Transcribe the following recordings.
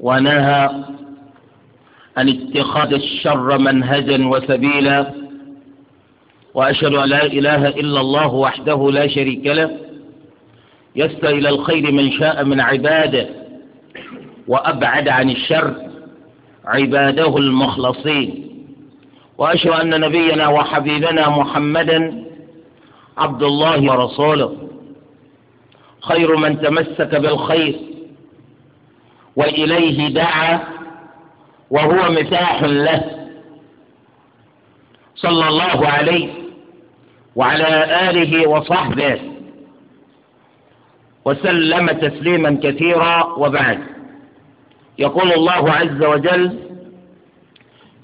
ونهى عن اتخاذ الشر منهجا وسبيلا واشهد ان لا اله الا الله وحده لا شريك له يسعى الى الخير من شاء من عباده وابعد عن الشر عباده المخلصين واشهد ان نبينا وحبيبنا محمدا عبد الله ورسوله خير من تمسك بالخير وإليه دعا وهو مفتاح له صلى الله عليه وعلى آله وصحبه وسلم تسليما كثيرا وبعد يقول الله عز وجل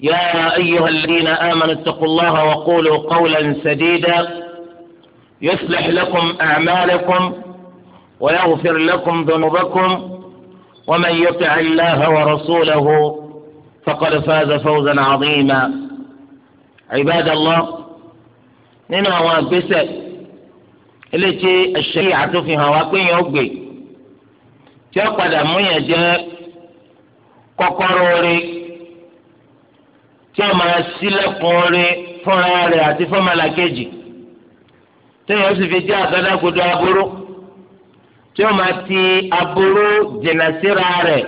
يا أيها الذين آمنوا اتقوا الله وقولوا قولا سديدا يصلح لكم أعمالكم ويغفر لكم ذنوبكم ومن يطع الله ورسوله فقد فاز فوزا عظيما عباد الله nínú àwọn àgbésẹ̀ eléyìí ẹsẹyìn àtúnfihàn wa pé yẹn ó gbé tí ó padà mú yẹn jẹ kọ́kọ́rọ́ orí tí ó máa ṣílẹ̀kùn orí fúnra rẹ̀ àti fọmọlàkejì tí yẹn ó sì fi jẹ àgádágodo aburú tí ó máa ti aburú jìnnà síra rẹ̀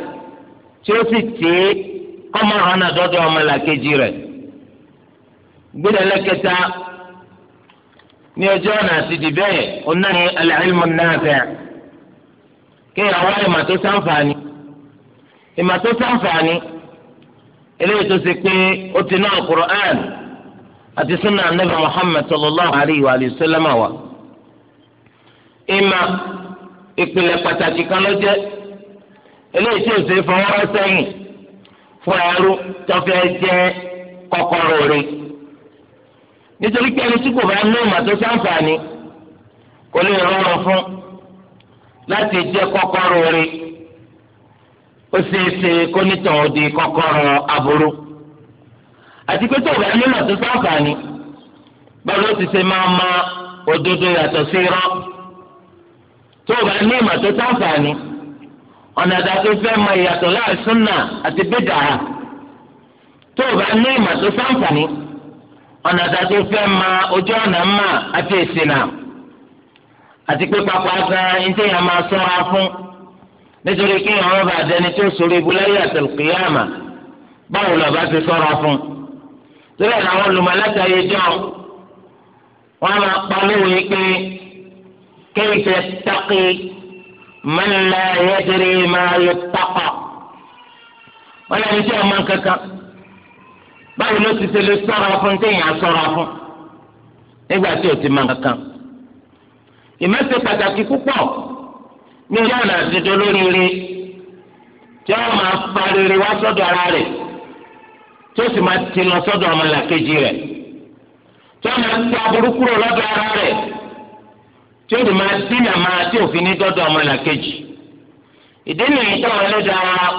tí ó sì tì í kọ́mọ hànà dọ́dọ̀ ọmọlàkejì rẹ̀ gbẹdẹlẹ kẹta ní ọjọ́ ọ̀nà àti dìbẹ́ onáni al-ilmu nafi' kéèyàn wá ìmọ̀ tó ṣàǹfààní ìmọ̀ tó ṣàǹfààní eléyìí tó ṣe pé ó ti ná al àti sunna anabi Muhammad sallallahu alayhi wa sallam wa ìmọ̀ ìpìlẹ̀ pàtàkì kan ló jẹ́ eléyìí tí òsè fọwọ́ sẹ́yìn fún ẹrú tó fẹ́ jẹ́ kọ́kọ́rọ́ rẹ̀ nítorí pé ẹni tí kò bá ní ìmọ̀ tó sáǹfààní kò lè rọrùn fún láti jẹ́ kọ́kọ́rọ́ rẹ̀ ó ṣeéṣe kó nítàn ó di kọ́kọ́rọ́ aburú àti pé tó bá ní ìmọ̀ tó sáǹfààní báwo ló ti ṣe máa ma òdodo yàtọ̀ sí irọ́. tó o bá ní ìmọ̀ tó sáǹfààní ọ̀nà àdàtò fẹ́ mọ ìyàtọ̀ láàrin súnà àti bídà tó o bá ní ìmọ̀ tó sáǹfààní ọ̀nà àdàtò fẹ́ mọ ojú ọ̀nà mọ̀ àti ìsìnà àti pé papọ̀ agan ìdíyàn máa sọ́ra fún nítorí kí ìyàwó bá dẹni tó sọ̀rọ̀ ibú láyé àtẹlùkìyàmà báwo lọ́ba ti sọ́ra fún torí àwọn olùmọ̀lẹ́ta yẹjọ́ wọn máa pa lóore pé. كيف يتقي من لا يدري ما يتقى ولا يجي من كذا báyìí ló ti tẹ̀lé sọ́ra fún téèyàn sọ́ra fún nígbà tí o ti mọ kankan ìmọ̀sẹ̀ pàtàkì púpọ̀ ní ilé ọ̀nà àtijọ́ lóríire tí ara rẹ̀ tí ó ma máa ti tí ó lè máa dínà máa tí òfin ní dọ́dọ̀ ọmọlàkejì ìdí nìyí táwọn ẹlẹ́dàá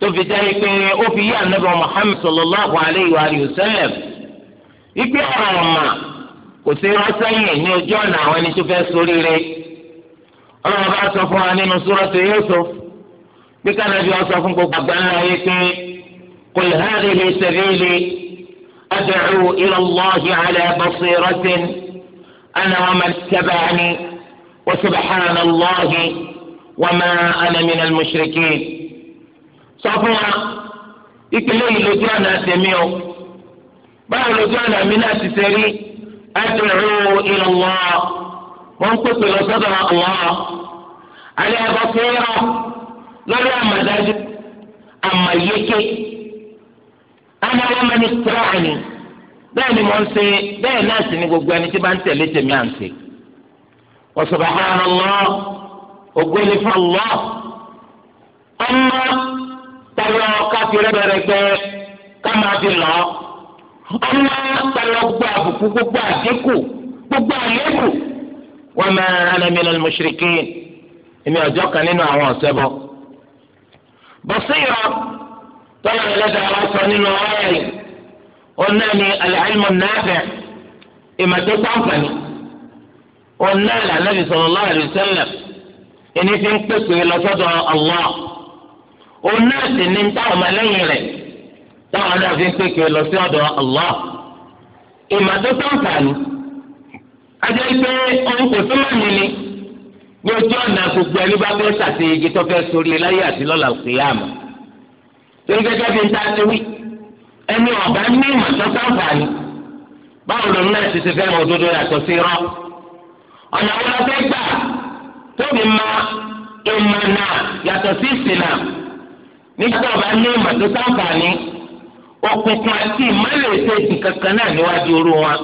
tó fi jẹ́ pé ó fi yí ànábì Muhammad sallallahu alayhi wa sallam ipe ọ̀rọ̀ mà kò sí rọ́sẹ́yìn ní ojú ọ̀nà àwọn ẹni tó fẹ́ ṣoríire ọlọ́run bá sọ fún wa nínú Yusuf bí wọn sọ fún gbogbo àgbáńlá yìí pé ila ala أنا ومن اتبعني وسبحان الله وما أنا من المشركين صفوة إكلي لجانا سميو بعد لجانا من أسسري أدعو إلى الله وانقص صدر الله على بصيرة لولا مزاج أما يكي أنا ومن اتبعني bẹ́ẹ̀ ni mo ń ṣe bẹ́ẹ̀ náà sì ni gbogbo ẹni tí bá ń tẹ̀lé tèmi à ń ṣe. wa subhanallah fún ọmọ ká máa fi lọ ọmọ àbùkù gbogbo àdínkù gbogbo ọjọ́ kan nínú àwọn bọ̀ bọ̀sí sọ nínú ọ̀rẹ́ yìí. ọ̀nà ni al-ilmu an-nafi' ìmọ̀ tó sànfàní ọ̀nà Ànábì sallallahu alayhi wa sallam ẹni tí ń pèsè lọ́sọ́dọ̀ Allah ọ̀nà sì ni táwọn ọmọlẹ́yìn rẹ̀ táwọn náà fi ń pèsè lọ́sọ́dọ̀ Allah ìmọ̀ tó sànfàní ajẹ́ pé ọ̀hún kò tó mọ̀ nínú ní ojú ọ̀nà gbogbo ẹni bá fẹ́ sàtẹ́yẹjì tó fẹ́ sórí láyé àti lọ́la òkè yá àmọ́ torí gẹ́gẹ́ bí n ta ti wí ẹni ọ̀bá ní ìmọ̀tọ́tọ́ àǹfààní báwo lòun náà ti ṣe fẹ́ mọ òdodo yàtọ̀ sí irọ́ ọ̀nà wọn lọ́fẹ́ gbà tóbi ma ìmọ̀ náà yàtọ̀ sí ìsìnà nígbà tó ọ̀bá ní ìmọ̀tọ́tọ́ àǹfààní òkùnkùn àti ìmọ̀lẹ̀ ètò ìsìn kankan náà níwájú orú wọn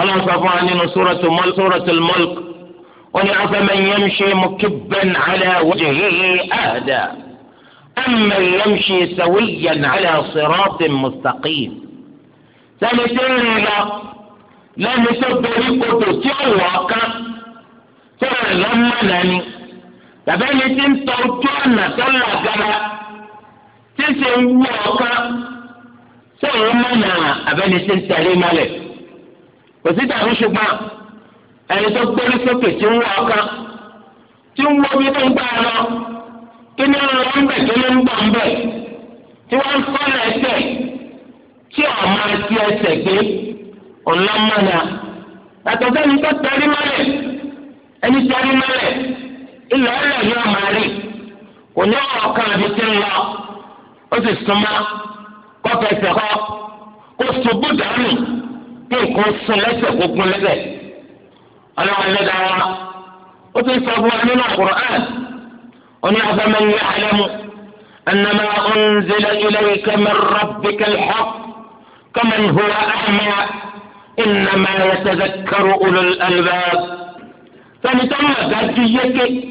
ọlọ́run sọ fún wa nínú suratul mulk ó ní afẹ́mẹ́yẹmṣe mọ́kíbẹ́n ala wajhihi ahda. من يمشي سويا على صراط مستقيم سنتين لا لم تبري قطس يواقع ترى لما ناني تبني تن توتوانا تلا كلا تسن يواقع سيومنا أبني تن تهري مالك وزيد أرشو ما أني تبري قطس يواقع تنوى بيطن بارا kí ni ọ̀rọ̀ ń bẹ̀ tó ló ń gbọ̀ ń bẹ̀ tí wọ́n ń sọ́nà ẹsẹ̀ tí ọ̀ma ti ẹsẹ̀ gbé ọ̀làmọ́nà yàtọ̀ sẹ́ni tó mọ́lẹ̀ ẹni mọ́lẹ̀ ilẹ̀ ni ọ̀ma rí kò ní ọ̀rọ̀ kan àbí tí ń lọ ó sì súnmọ́ kó fẹsẹ̀ kọ́ kó ṣubú dànù kí nǹkan sún lẹ́sẹ̀ lẹ́sẹ̀ lẹ́dàá wa ó ti sọ fún wa nínú أن أفمن يعلم أن ما أنزل إليك من ربك الحق كمن هو أعمى إنما يتذكر أولو الألباب فنتم جديك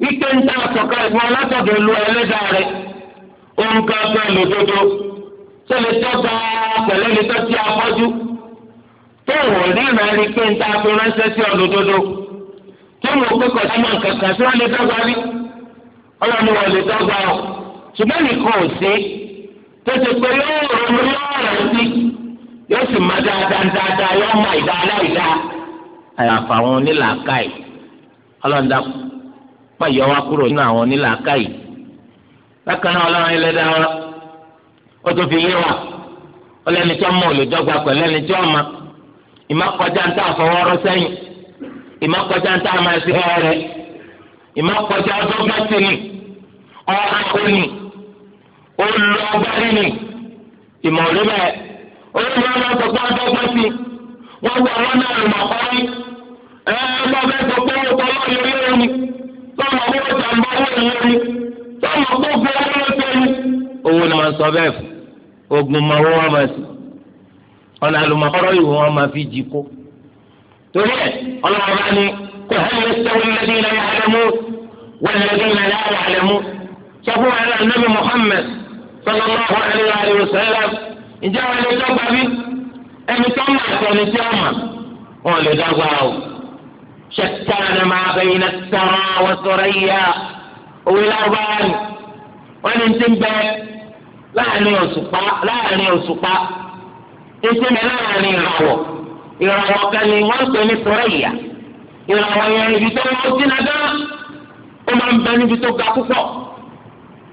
يكن تاسوكا ولا تدلوا إلى دارك أنك تلددو tẹlifíọ́tà pẹ̀lẹ́ ní tọ́sí afọ́jú tó wò ríran rí pé ń ta tó ránṣẹ́ sí ọ̀dọ́dọ́dọ́ tó wò pé kọ̀ọ̀tà máa ń kankan tí wọ́n lè dọ́gba rí. ọlọ́ni wọn lè dọ́gba ọ ṣùgbọ́n nìkan ò sí tètè pé yóò ronú yóò rántí yóò sì má dáadáa dáadáa yóò má ìdá aláìdá. àyàfà àwọn onílàákàyè yọ wá kúrò nínú àwọn onílàákàyè bákan náà ọlọ́run ẹlẹ́dàá ó tó fi yé wa ọlọ́ni mọ̀ lè dọ́gba pẹ̀lú ẹni ń tà fọwọ́rọ́ sẹ́yìn ń tà máa ṣe ìmọ̀kọjá dọ́gbàtì ni ọ̀hánpé ni olùlọ́gbàdì ni ìmọ̀lẹ́ bẹ́ẹ̀ olùlọ́gbàdì dọ́gbàtì wọ́n gba wọn náà lọ́mọ kọ́rí ẹ̀ẹ́ bá bẹ́ẹ̀ tó pé wọ́n ni tọ́mọ owó jàǹbá wọ̀ yẹ ni tọ́mọ gbogbo owó ló ni. owó ni wọ́n sọ bẹ́ẹ̀ fún ogun ma owó wọn máa sì ọ̀nà àlùmọ̀kọ́rọ́ ìwọ̀n قل يستوي الذين يعلمون والذين لا يعلمون شافوا على النبي محمد صلى الله عليه وآله وسلم إن جاء إلى جنبه أن تمت وأن تمت قال جزاه شتان ما بين السماء والثريا والأبان وإن تنبه لا أني أصفى لا أني أصفى إن تنبه لا أني أعوى إذا وقلني وقلني ثريا ìràwọ̀ yẹn ibi tó wọ́n sí náà dáná ó ga púpọ̀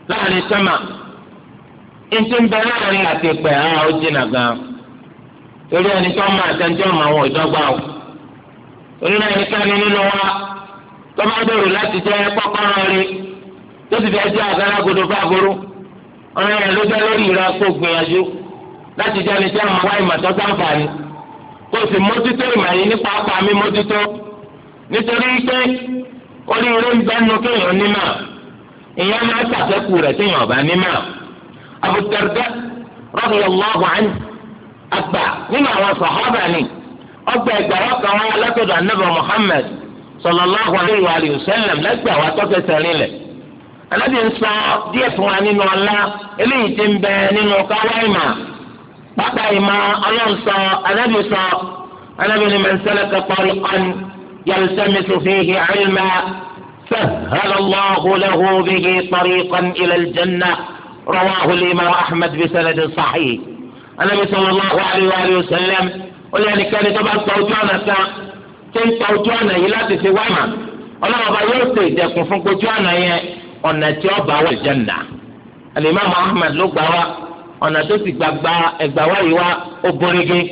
láàrin sẹ́mà ètò ń bẹ láàrin àti ìpẹ́ ara ó jìnnà gan torí ẹni tó máa àtẹnjọ́ mọ àwọn ìdọ́gba o torí ẹnikẹ́ni nínú wa tó bá dòrò láti jẹ́ kọ́kọ́rọ́ rí tó sì fẹ́ jẹ́ àgádágodo fáagoru ọ̀rẹ́ rẹ̀ ló jẹ́ lórí kó gbìyànjú láti jẹ́ ẹni tí sáǹfààní kó o sì mójútó ìmọ̀ yìí nípa nítorí pé oríire ń bẹnu kéèyàn nímọ̀ èèyàn máa ṣàfẹ́kù rẹ̀ téèyàn ọ̀bá nímọ̀ Abu Darda radiyallahu anhu àgbà nínú àwọn sàhábà ni ọgbà ẹgbàá kan wọn alátọ̀dọ̀ anabi muhammed sallallahu alayhi wa alihi wa sallam lẹ́gbàá wa tọ́kẹ́ sẹ́rin lẹ̀ alábì ń sọ díẹ̀ fún wa nínú ọlá eléyìí ti ń bẹ nínú káwá ìmọ̀ pápá ìmọ̀ ọlọ́run sọ anábì sọ anábì ni man salaka tariqan. يلتمس فيه علما سهل الله له به طريقا الى الجنه رواه الامام احمد بسند صحيح النبي صلى الله عليه واله وسلم قل يعني كان طبعا توجعنا سام كان توجعنا الى تسوانا قال ابا يوسف يكون فوق جوانا يا ونا توبا والجنة الامام احمد لو بوا ونا توسي بابا ابوا يوا ابوريجي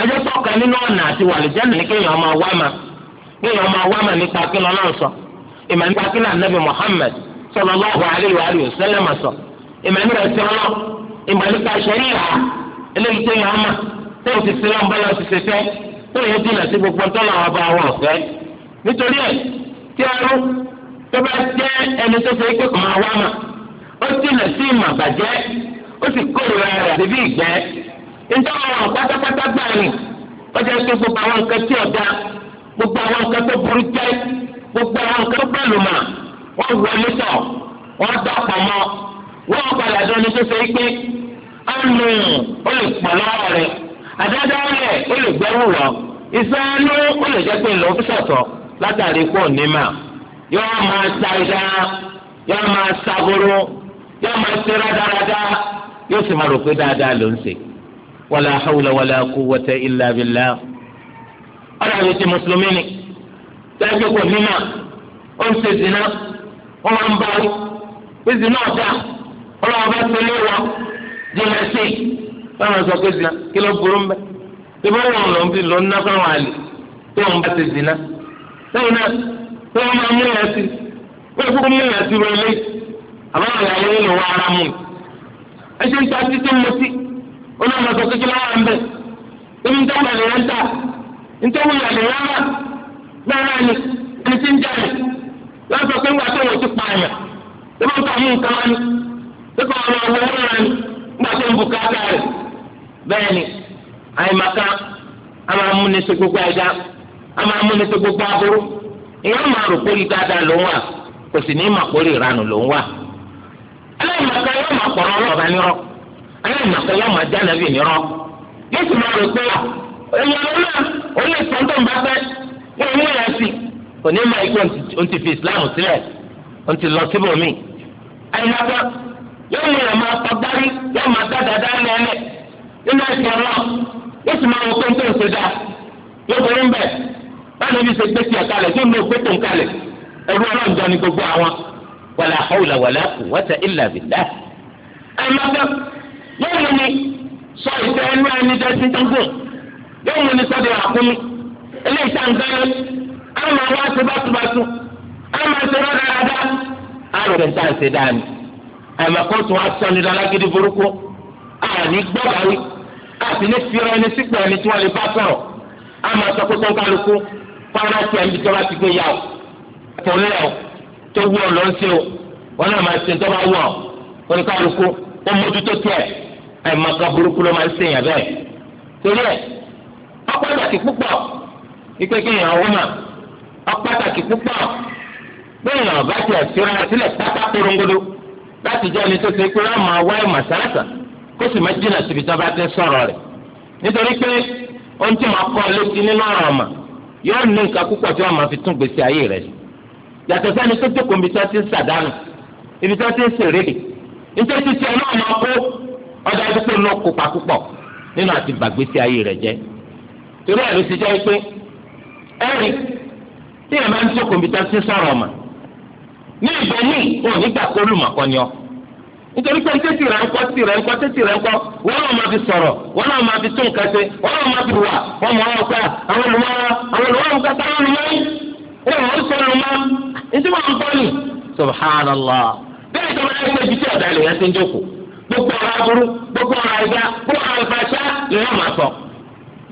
اجا توكا لنا ونا توالجنة لكي يوما واما ní ìyá ọmọ wa mà nípa kí lọ́nà sọ ìmọ̀ nípa kí náà nàbì Muhammad sallallahu alaihi wa alihi wasallam sọ ìmọ̀ nípa ẹ̀sìn ọlọ́ ìmọ̀ nípa ṣẹ̀ríà eléyìí tó yàn án mà tó ti sin lọ́nà bọ́lá ti ṣẹfẹ́ tó yẹ jìnnà sí gbogbo tọ́lá ọba àwọn ọ̀fẹ́ nítorí ẹ̀ tí a rú tó bá jẹ́ ẹni tó ṣe pé kàn án wá ó jìnnà sí ìmọ̀ gbogbo àwọn nǹkan tó burú jẹ́ gbogbo àwọn nǹkan tó bẹ̀rù mà wọ́n wọlé tọ̀ wọ́n dàpọ̀ mọ́ wọ́n padà dán ní tó ṣe é pé ọ̀nù ó lè pọ̀ lọ́wọ́ rẹ̀ àdádáwọ̀lẹ̀ ó lè gbẹ́rù lọ ìsánú ó lè jẹ́ pé ńlọ fi látàrí pọ̀ nímà yọ́ọ́ máa sa ìdá yọ́ọ́ máa sagoro yọ́ọ́ máa ṣe rádaràda yóò sì máa rò pé dáadáa ló ń ṣe wàlá hawla wàlá ọ̀rọ̀ àti ti mùsùlùmí ni dájú kò mímà ó ń ṣe zina ó máa ń báwí pé zina ọ̀dà ọlọ́wọ́ bá ti lé wọn jìnnà sí i báwọn sọ pé zina kí ló burú mbẹ tí wọ́n wọ̀ lọ́n bí lọ́n ná fáwọn àlè tó wọn bá ti zina lẹ́yìn náà tó wọn máa mú yàrá sí wọ́n kúkú mú yàrá sí wọlé àbáwọn ìyàwó yìí lọ́wọ́ ara mú ẹ ṣe ń ta títí mọ́tí ó náà lọ sọ kékeré wọn bẹ́ẹ̀ nítorí ìyàlẹ̀ rárá rárá ni ẹni tí ń jáde wọ́n sọ pé ńgbà tó wọ́n ti pa àyàn tó bá ń pa yín nǹkan wani tó bá wọn wọ wọn rani ńgbà tó ń bùkátà rẹ̀ bẹ́ẹ̀ ni àyèmàká a máa mú ní sí gbogbo ẹja a máa mú ní sí gbogbo aburú ìyá máa rò pé dáadáa ló ń wà kò sì ní máa kórè ìranù ló ń wà aláìmàká máa pọ̀rọ̀ èèyàn náà ó lè sọ tó ń bá fẹ́ wọ́n mú ẹ̀ sí kò ní máa ikú ohun ti fi islam sílẹ̀ ohun ti lọ síbò mí. àyìnbá yóò mú ẹ̀ máa tọ́gbárí yóò máa dáadáa dáná ẹlẹ̀ nínú ẹ̀sìn ọlọ́ yóò sì máa wọ pé ń tó ń ṣe dáa yóò borí ń bẹ̀ báyìí níbi ṣe gbé tiẹ̀ kalẹ̀ tí mo gbé tó ń kalẹ̀ ẹ̀rú ọlọ́ọ̀jọ́ ni yóò mú ní sọ́dọ̀ àkúnmí eléyìí tá n gbẹ́rẹ́ á máa wá sí bátúbátú á máa ṣe rádaràdá á rò rẹ̀ tá n ṣe dání wa sọ ní lálágídí burúkú àní gbọ́bàrí àti ní fìrọ ẹni sípò ẹni tí wọ́n lè bá sọ̀rọ̀ á máa sọ kó sọ́nkálukú fáwọn àti ẹni tó bá ti gbé yà ó torí ẹ̀ tó wú ọ lọ sí o wọn náà máa ṣe tó bá wù ọ oníkálukú ó mójútó tiẹ̀ àìmọ̀ká burúkú ló ń ṣèyàn ọpàtàkì púpọ̀ ipe kéèyàn ọwọ́mà ọpàtàkì púpọ̀ kéèyàn ọ̀gá tí ẹ̀sìnrán sílẹ̀ pátá korongodo láti jẹ́ ẹni tó ṣe pé wọ́n máa wá ìmọ̀ kó sì máa jìnnà síbi tó bá ti sọ̀rọ̀ rẹ̀ nítorí pé ohun tí wọ́n kọ́ létí nínú ọ̀rọ̀ ọ̀mà yóò ní nǹkan púpọ̀ tí wọ́n ibi ti ń sàdánù ibi torí i ló ti jẹ́ pé ẹ̀rí tí ẹ̀ máa ń tó kọ̀m̀pútà sí sọ̀rọ̀ ọ̀mà ní ìbẹ̀ ní òní gbà kó lùmọ̀ ni ọ́ nítorí pé rẹ̀ ń kọ́ rẹ̀ ń kọ́ rẹ̀ ń kọ́ wọ́n náà máa fi sọ̀rọ̀ wọ́n náà máa fi tún nǹkan ṣe wọ́n náà máa fi wà wọ́n mọ̀ ọ́ àwọn olùmọ̀ọ́ àwọn olùmọ̀ọ́ àwọn olùmọ̀ọ́ ni.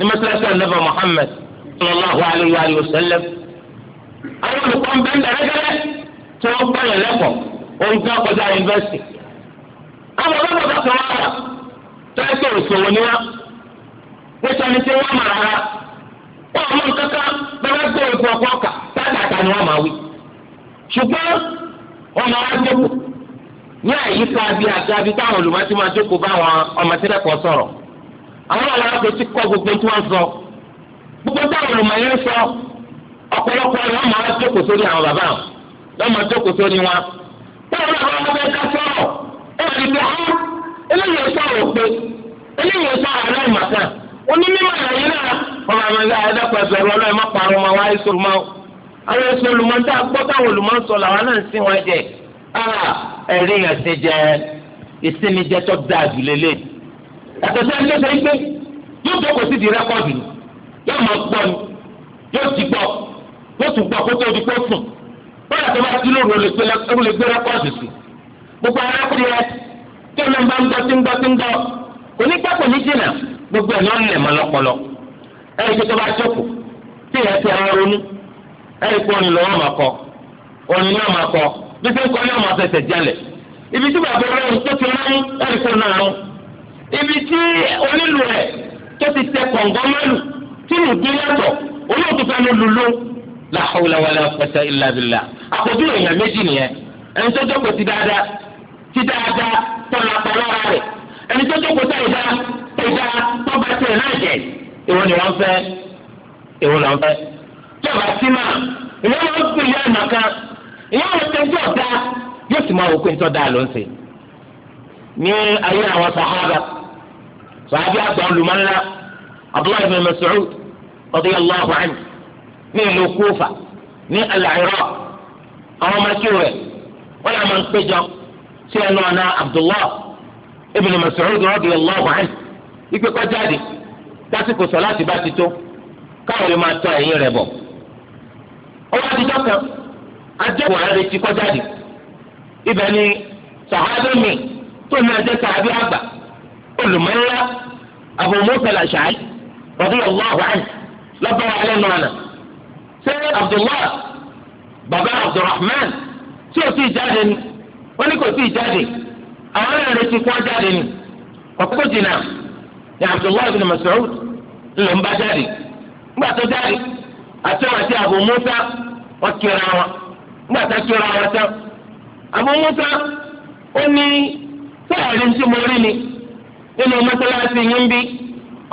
ní mọ́sálásí ànábà Muhammad sallallahu alayhi wa sallam. àwọn olùkọ́ ń bẹ ńlẹ̀rẹ́gẹ́rẹ́ tí wọ́n gbọ́ yẹn lẹ́kọ̀ọ́ oúnjẹ ọkọjá yunifásitì. àwọn ọlọ́dọ̀ bá kan wá ní àyíká bíi ọmọ tí àwọn àwọn tó ti kọ́ gbogbo tí wọ́n sọ gbogbo táwọn ọmọ yẹn sọ ọ̀pọ̀lọpọ̀ ni wọ́n máa jókòó sórí àwọn bàbá wọn wọ́n máa jókòó sórí wọn. báwo ni àwọn ọmọ ẹ̀ka sọ̀rọ̀ ẹ̀ ẹ̀ ti há eléyìí sọ̀rọ̀ pé eléyìí sọ̀rọ̀ aláìmọ̀kan onímọ̀ àyè náà ọmọ àwọn ẹ̀ka ẹ̀dẹ́kọ̀ ẹ̀bẹ̀rún ọlọ́ọ̀ má parun ma wá èso ma o. àwọn èso olùmọ̀ ń dàgbọ́ táwọn olùmọ̀ ń yàtọ̀ sí ẹni tó ṣe é gbé yóò jókòó sí di rẹ́kọ̀dì yóò máa gbọ́ ni yóò ti gbọ́ yóò tún gbọ́ kó tó di kó sùn bóyá tó bá ti lóru ó lè gbé rẹ́kọ̀dì sí gbogbo ara kúrò yẹn tó ló ń bá ń gbọ́ tí ń gbọ́ tí ń gbọ́ kò ní pẹ́ ní jìnnà gbogbo ẹ̀ ló ń lẹ̀ mọ́ lọ́pọlọ ẹ̀rí tó bá jókòó tí ìyẹn ti ara ronú ẹ̀rí kó orin lọ́wọ́ máa kọ ibi tí onílù rẹ̀ tó ti tẹ kọ̀ǹgọ́ mẹ́lù tí mo gbé yàtọ̀ olóòtú fẹ́ ló lulú la hawla wala quwwata illa billah àkójú èèyàn méjì nìyẹn ẹni tó jókòó ti dáadáa ti dáadáa tọ̀nà tọ̀nà rẹ̀ ẹni tó jókòó tẹ̀ ìdá ìdá tó bá tẹ̀ náà jẹ́ èwo ni wọ́n fẹ́ èwo ni wọ́n fẹ́ tí a bá sí máa ìyá wọn pè é àná kan ìyá wọn tẹ̀ ń tọ́ da yóò sì máa wò pé ń tọ́ da ló ń ṣe ní ayé àwọn sàhábà sàbí àgbà olùmọ̀nlá abdullahi bin mas'ud radiyallahu anhu ní ìlú kúfà ní al-Iraq àwọn ọmọ kí rẹ̀ wọ́n yà máa ń péjọ sí ẹnu ọ̀nà abdullahi ibn mas'ud radiyallahu anhu ìpè kọjáde lásìkò sọ̀láàtì bá ti tó káwọn lè máa tọ ẹ̀yìn rẹ̀ bọ̀. ọwọ́ àtijọ́ kan ajẹ́wò ààrẹ ti kọjáde ibẹ̀ ni sàhábẹ́ mi tó ní ajẹ́ sàhábẹ́ àgbà olùmọ̀lá Abu Musa al-Ash'ari radiyallahu anhu lọ́bọ̀ wà lẹ́nu ọ̀nà ṣé Abdullahi baba Abdulrahman tí o ti jáde ni wọ́n ní kò tí ì jáde àwọn náà retí kó jáde ni kọ́kọ́ jìnnà ni Abdullahi ibn Mas'ud ńlọ ń bá jáde ńgbà tó jáde àti wọn àti Abu Musa wọn kíra wọn ńgbà tó kíra wọn tán Abu Musa ó ní sẹ́yìn rí ní tí mo rí ni nínú mọ́sálásí yín bí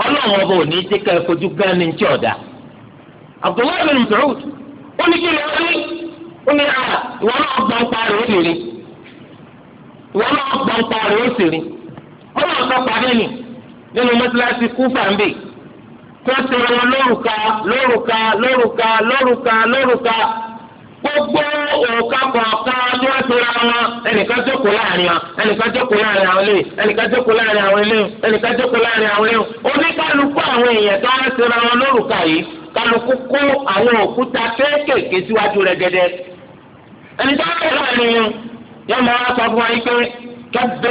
ọlọ́run ọba ò ní jẹ́ ká ẹ fojú gán ní ti ọ̀dà. Abdullahi bin Mas'ud ó ní kí lóò rí ó ní à ah, ìwọ náà gbọ́n pa rẹ̀ ó sì rí ìwọ náà gbọ́n pa rẹ̀ ó sì rí ọlọ́run tó parí nì nínú mọ́sálásí Kúfà ń bì tó ti rán lórúka lórúka lórúka lórúka lórúka. gbogbo òòkà kọ̀ọ̀kan tí wọ́n tora wọn ẹnìkan jókòó láàrin wọn ẹnìkan jókòó láàrin àwọn eléyìí ẹnìkan jókòó láàrin àwọn eléyìí ẹnìkan jókòó láàrin àwọn eléyìí àwọn èèyàn tó wọ́n tora wọn lórúkà yìí kó àwọn òkúta kéékèèké síwájú gẹ́gẹ́ ẹni tó wọ́n tora ni máa sọ fún wa yìí pé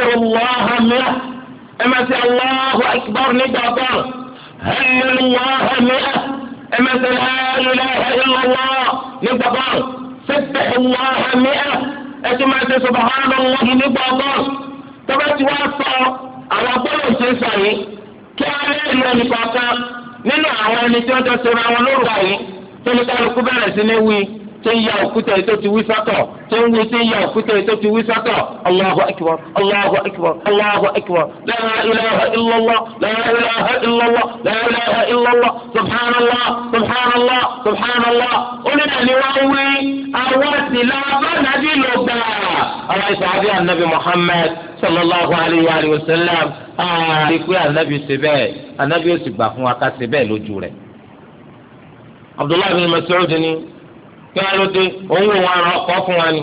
ẹ máa ẹ̀mẹ́sẹ̀ la ilaha illallah nígbà kan sẹ́tẹ̀ ìwọ́ha mìíràn ẹtí máa ṣe subhanallahi nígbà kan tọ́ba ti wá sọ àwọn agbọ́dọ̀ ṣe sọ yìí kí á lẹ́yìn ẹnì kọ̀ọ̀kan nínú àwọn ẹni tí wọ́n jọ ṣe ra wọn lórúkọ yìí tó bẹ̀rẹ̀ tó ń ya òkúta yìí tó ti wí sọ́tọ̀ tó ń wí tó ń ya òkúta yìí tó ti wí sọ́tọ̀ Allahu akbar Allahu akbar Allahu akbar la ilaha illallah la ilaha illallah la ilaha illallah subhanallah subhanallah subhanallah onídàá ni wọ́n wí àwọn sì lábá nàbí ló gbà. àwọn ìsàbí ànábì Muhammad sallallahu alayhi wa sallam àríkú ànábì ṣe bẹ́ẹ̀ ànábì ó sì gbà fún wa ká ṣe bẹ́ẹ̀ lójú rẹ̀. Abdullahi bin Mas'ud kí wọn ló dé òun wò wọn ọkọ fún wa ni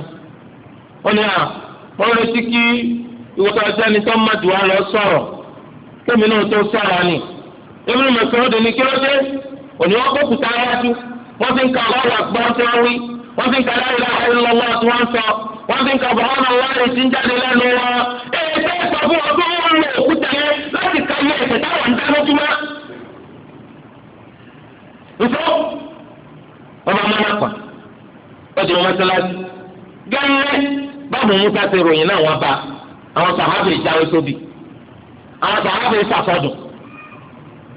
ó ní à wọn retí kí ìwòsàn ọjọ́ ni tó má dùn wá lọ sọ̀rọ̀ kémi náà tó sọ̀rọ̀ ni èmi náà sọ̀rọ̀ dè ní kí ló dé òní wọn kókù tá a wájú wọn fi ń ka ọlọ́wọ́ àgbọ̀ tí wọ́n wí fi ń ka láyé láyé sọ fi ń ka ó ti mú mọ́sálásí gẹ́gẹ́ báwo mú ká ṣe ròyìn náà wọ́n bá àwọn sàhábìrì jáwé sóbì àwọn sàhábìrì sàfọ́dùn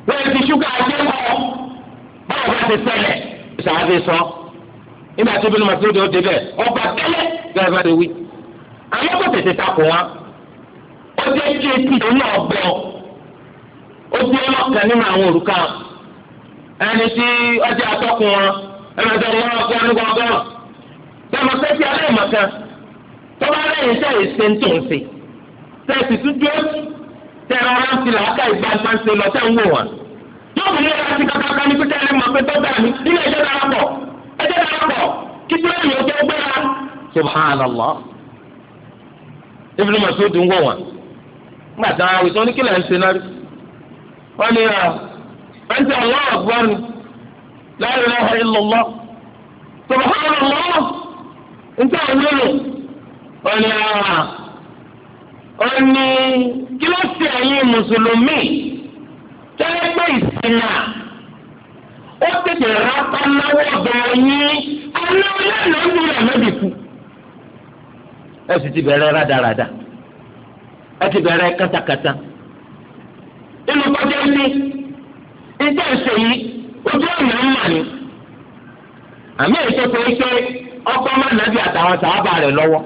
wọ́n ti ṣúgà àjẹkọ̀ọ́ báwo bá ti ṣẹlẹ̀ sàhábìrì sọ nígbà tí Ibn Mas'ud ó débẹ̀ ọgbà tẹ́lẹ̀ gẹ́gẹ́ bá ti wí àwọn kò tètè takò wọn ó jẹ́ kí etí ìlú ó dé lọ́kàn tẹmọ sẹsẹ alẹ màkà tọba alẹ yẹn sẹ ẹsẹ ntọ nse tẹsí tuntun ẹsì tẹrọ ara ń filẹ aka ìgbàgbà ń se lọ tẹ ń wò wọn. yóò wù ní ẹ̀rọ ti kankan kan ní pété ẹni mọ̀ pé tọ́gbà mi nínú ẹ̀jẹ̀ dára pọ̀ ẹ̀jẹ̀ dára pọ̀ kí tí wọ́n yóò jẹ́ gbéra. subhanallah ibùdó masu dùn wò wọn. nígbà tí wọn àwùjọ ní kílẹ̀ ń se náà rí. wọ́n ní ẹ̀ ẹ̀ ń tẹ ọ̀wọ́ ọ̀gbọ́n ni la ilaha illallah subhanallah. Nke òwúrò ọ̀nà ọ̀nì kílọ̀sì ẹ̀yìn mùsùlùmí tẹ́lẹ̀ pé ìsìnà ó tètè rápá náwó ọ̀dọ̀ yín aláwọ̀lẹ́ náà ń lò lẹ́bi kú. ẹ sì ti bẹrẹ rádaràda ẹ ti bẹrẹ kátàkátà nínú kọjá ní níta ìṣèyí ojú ọ̀nà ń mà ní àmì ọgbọ́n má nàbí àtàwọn sàábà rẹ̀ lọ́wọ́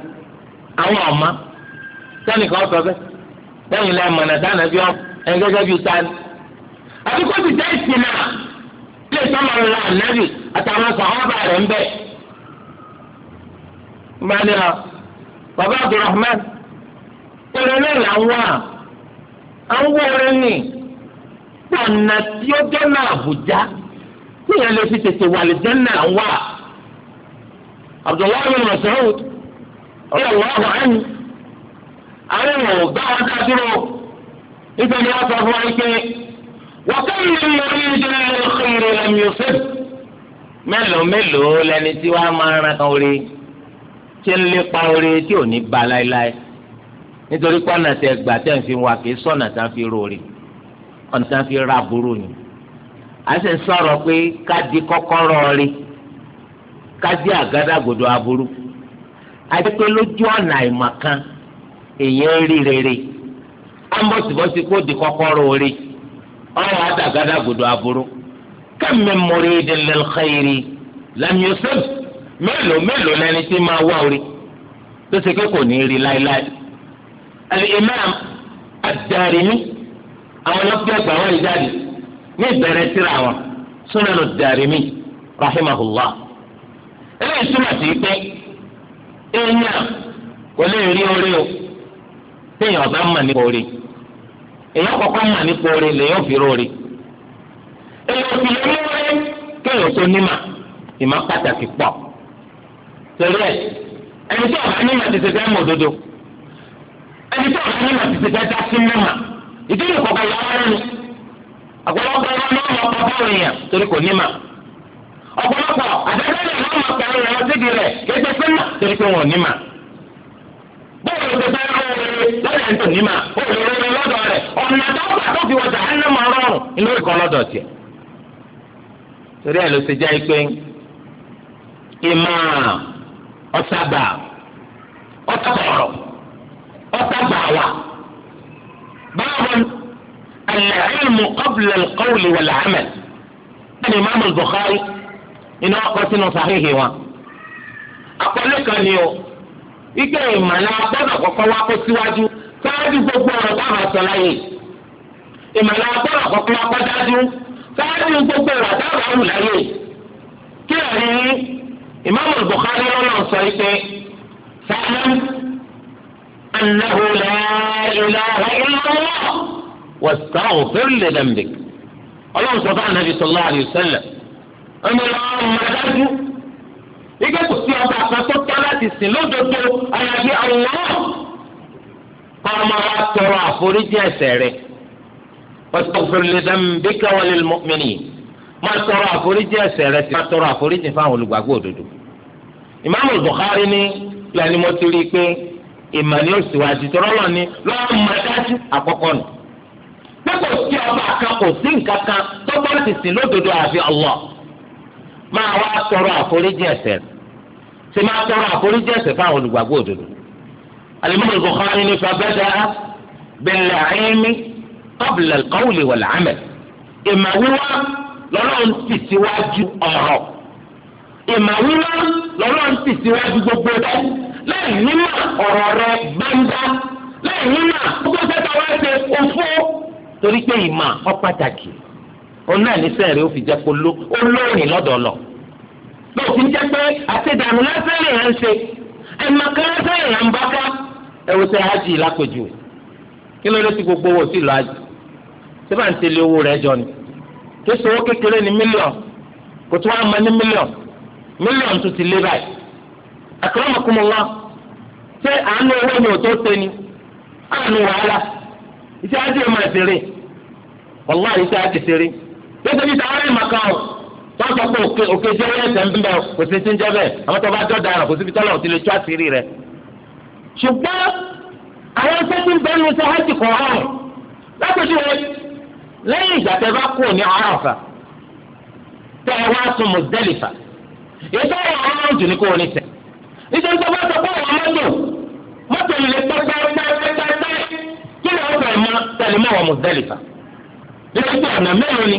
àwọn ọ̀ma sẹ́nìkan sọ bẹ́ẹ̀ lẹ́yìn lẹ́yìn mọ̀nà dáná bí wọn ẹ̀ gẹ́gẹ́ bí sani. àbíkó ti jẹ́ ìsìn náà ilé sọ́mọ ńlá ànábì àtàwọn sàábà rẹ̀ ń bẹ̀. mbani ọ bàbá abdulrahman ìrẹ̀ náà là ń wá à ń wọ orin tí ó jẹ́ náà àbújá tí ìyẹn lè fi tètè wà lè jẹ́ náà wà abdullahi bin masoud ọ̀rẹ́ ìwọ́n ọ̀hánì àwọn èèyàn ò bá wọn dá dúró nítorí wọn sọ fún wọn pé wọ́n kọ́ mi lórí ìdílé ìrìn lẹ́mí òfin mélòó mélòó lẹni tí wàá máa ran kan orí tí ń lépa orí tí ò ní ba láéláé nítorí pé ọ̀nà tẹ gbà tẹ̀ ń fi wà kí sọ̀nà tá fi rori ọ̀nà tá fi ra burú ni a sì ń sọ̀rọ̀ pé ká di kọ́kọ́rọ́ rí kájí àgádágodo aburú àdékò lójú ọ̀nà àìmọ̀kan èèyàn rí rere ambọ̀sibọ́sí kó di kọ́kọ́rọ́ orí ọ̀rọ̀ àdàgádágodo aburú kẹ́mi mọ̀rẹ́dẹ́ lẹ́lẹ́kẹ́rì lẹ́mi ọ̀sẹ̀ mélòó mélòó lẹ́ni tí máa wá orí tó ṣe pé kò ní rí láéláé al-imam ad-darimi àwọn ọlọ́pàá ẹgbàá wọn ní ìbẹ̀rẹ̀ síra wọn sunanu ad-darimi rahimahullah. eléyìí túmọ̀ sí pé èèyàn kò lè rí orí o téèyàn ọ̀gá mà nípa orí èèyàn kọ̀ọ̀kan mà nípa orí lèèyàn fi rórí èèyàn fi lè rórí kéèyàn tó nímà ìmọ̀ pàtàkì pọ̀ torí ẹni tí ọ̀gá nímà ti ṣe fẹ́ mọ̀ òdodo ẹni tí ọ̀gá nímà ti ṣe fẹ́ dá sí ìdílé kọ̀ọ̀kan yà náà ọ̀pọ̀lọpọ̀ àtẹ́tẹ́lẹ̀ náà máa pẹ̀lú rẹ̀ wọ́n síbi rẹ̀ kéde sẹ́nà torí pé wọn ò ní mà. bóòlù ti fẹ́ rọrùn lọ́dọ̀ ẹ̀ ń tò ní mà bóòlù rẹ̀ lọ́dọ̀ rẹ̀ ọ̀nà dọ́gba tó fi wọ̀jà ẹ̀ náà máa rọrùn inú ìkan lọ́dọ̀ tiẹ̀. torí ẹ̀ ló ti jẹ́ pé ìmọ̀ ọ̀sàgbà ọ̀sàgbọ̀rọ̀ ọ̀sàgbàwà báwọn al-ilmu iná ọkọ sínú sàhíhì wọn. àkọlé kan ni o ike ìmọ̀lá gbọ́dọ̀ kọ́kọ́ wá kó síwájú sáájú gbogbo ọ̀rọ̀ táwọn sọ láyè ìmọ̀lá gbọ́dọ̀ kọ́kọ́ wá kó dájú sáájú gbogbo ọ̀rọ̀ táwọn wù láyè kí ẹ̀rí ìmáàmù Bukhari lọ́nà sọ ike sáájú annahu la ilaha illallah wastaghfir li dhanbik ọlọ́run sọ fún anabi sallallahu alayhi ọmọ ọmọ adájú ike kò sí ọba kan tó tọ́ láti sìn lódodo ayàgbé àwòrán kọ́ ọmọ wa tọrọ àforíjì ẹ̀ṣẹ̀ rẹ̀ wastaghfir li dhanbika wa lil mu'minin máa tọrọ àforíjì ẹ̀ṣẹ̀ rẹ̀ sí máa tọrọ àforíjì fáwọn olùgbàgbọ́ òdodo ìmáàmù Bukhari ní lẹ́ni mo ti rí i pé ìmọ̀ ni ó sì wá ju tọrọ lọ ní lọ́wọ́ mọ̀ dájú àkọ́kọ́ nù pé kò sí ọba kan kò sí nǹkan kan tó bá ti sìn lódodo àfi Allah máa wá sọ̀rọ̀ àforíjì ẹ̀ṣẹ̀ ṣe máa sọ̀rọ̀ àforíjì ẹ̀ṣẹ̀ fáwọn olùgbàgbọ́ òdodo. alimami Bukhari ni fabẹ́dà bẹ̀rẹ̀ àyẹ́mí qabla al-qawli wal-amal ìmọ̀ wíwá lọ́lọ́run ti síwájú ọ̀rọ̀ ìmọ̀ wíwá lọ́lọ́run ti síwájú gbogbo rẹ̀ lẹ́yìn nímọ̀ ọ̀rọ̀ rẹ̀ gbangba lẹ́yìn nímọ̀ gbogbo sẹ́ta wá ṣe òfó torí pé ìmọ̀ ọ onu náà ní ó fi jẹ́ kó lóòrìn lọ́dọ̀ lọ. lóòfin jẹ́ pé àtẹ̀dàmú lásán lè hàn ṣe ẹ̀mọ kan lásán lè hàn bá ká ẹ̀wò sẹ́ ájì lápèjù kí ló dé tí gbogbo owó sí ájì bá ń tẹ̀lé ni tó sọ owó kékeré ní mílíọ̀n kò wá mọ ní mílíọ̀n mílíọ̀n ti lé báyìí ni yóò ti sàárè màkà o wọ́n sọ pé òkè òkè tí ẹyẹ ẹsẹ̀ ń bẹ̀ kò sí ti ń jẹ́ bẹ́ẹ̀ àwọn tó bá jọ dára kò síbi tọ́lọ̀ ti lè tó àṣírí rẹ̀. ṣùgbọ́n àwọn ẹgbẹ́ tí ń bẹ ní sọ hajj kọ̀ ọ̀rùn lápẹ̀jùwẹ̀ lẹ́yìn ìgbà tẹ bá kú ní Àràfà tẹ ẹ wá sùn Muzdalifa ètò ọ̀rọ̀ ọ̀rùn jù ní kò ní tẹ̀. nítorí tó bá sọ pé àwọn mọ́tò mọ́tò lè pẹ́pẹ́pẹ́pẹ́pẹ́ kí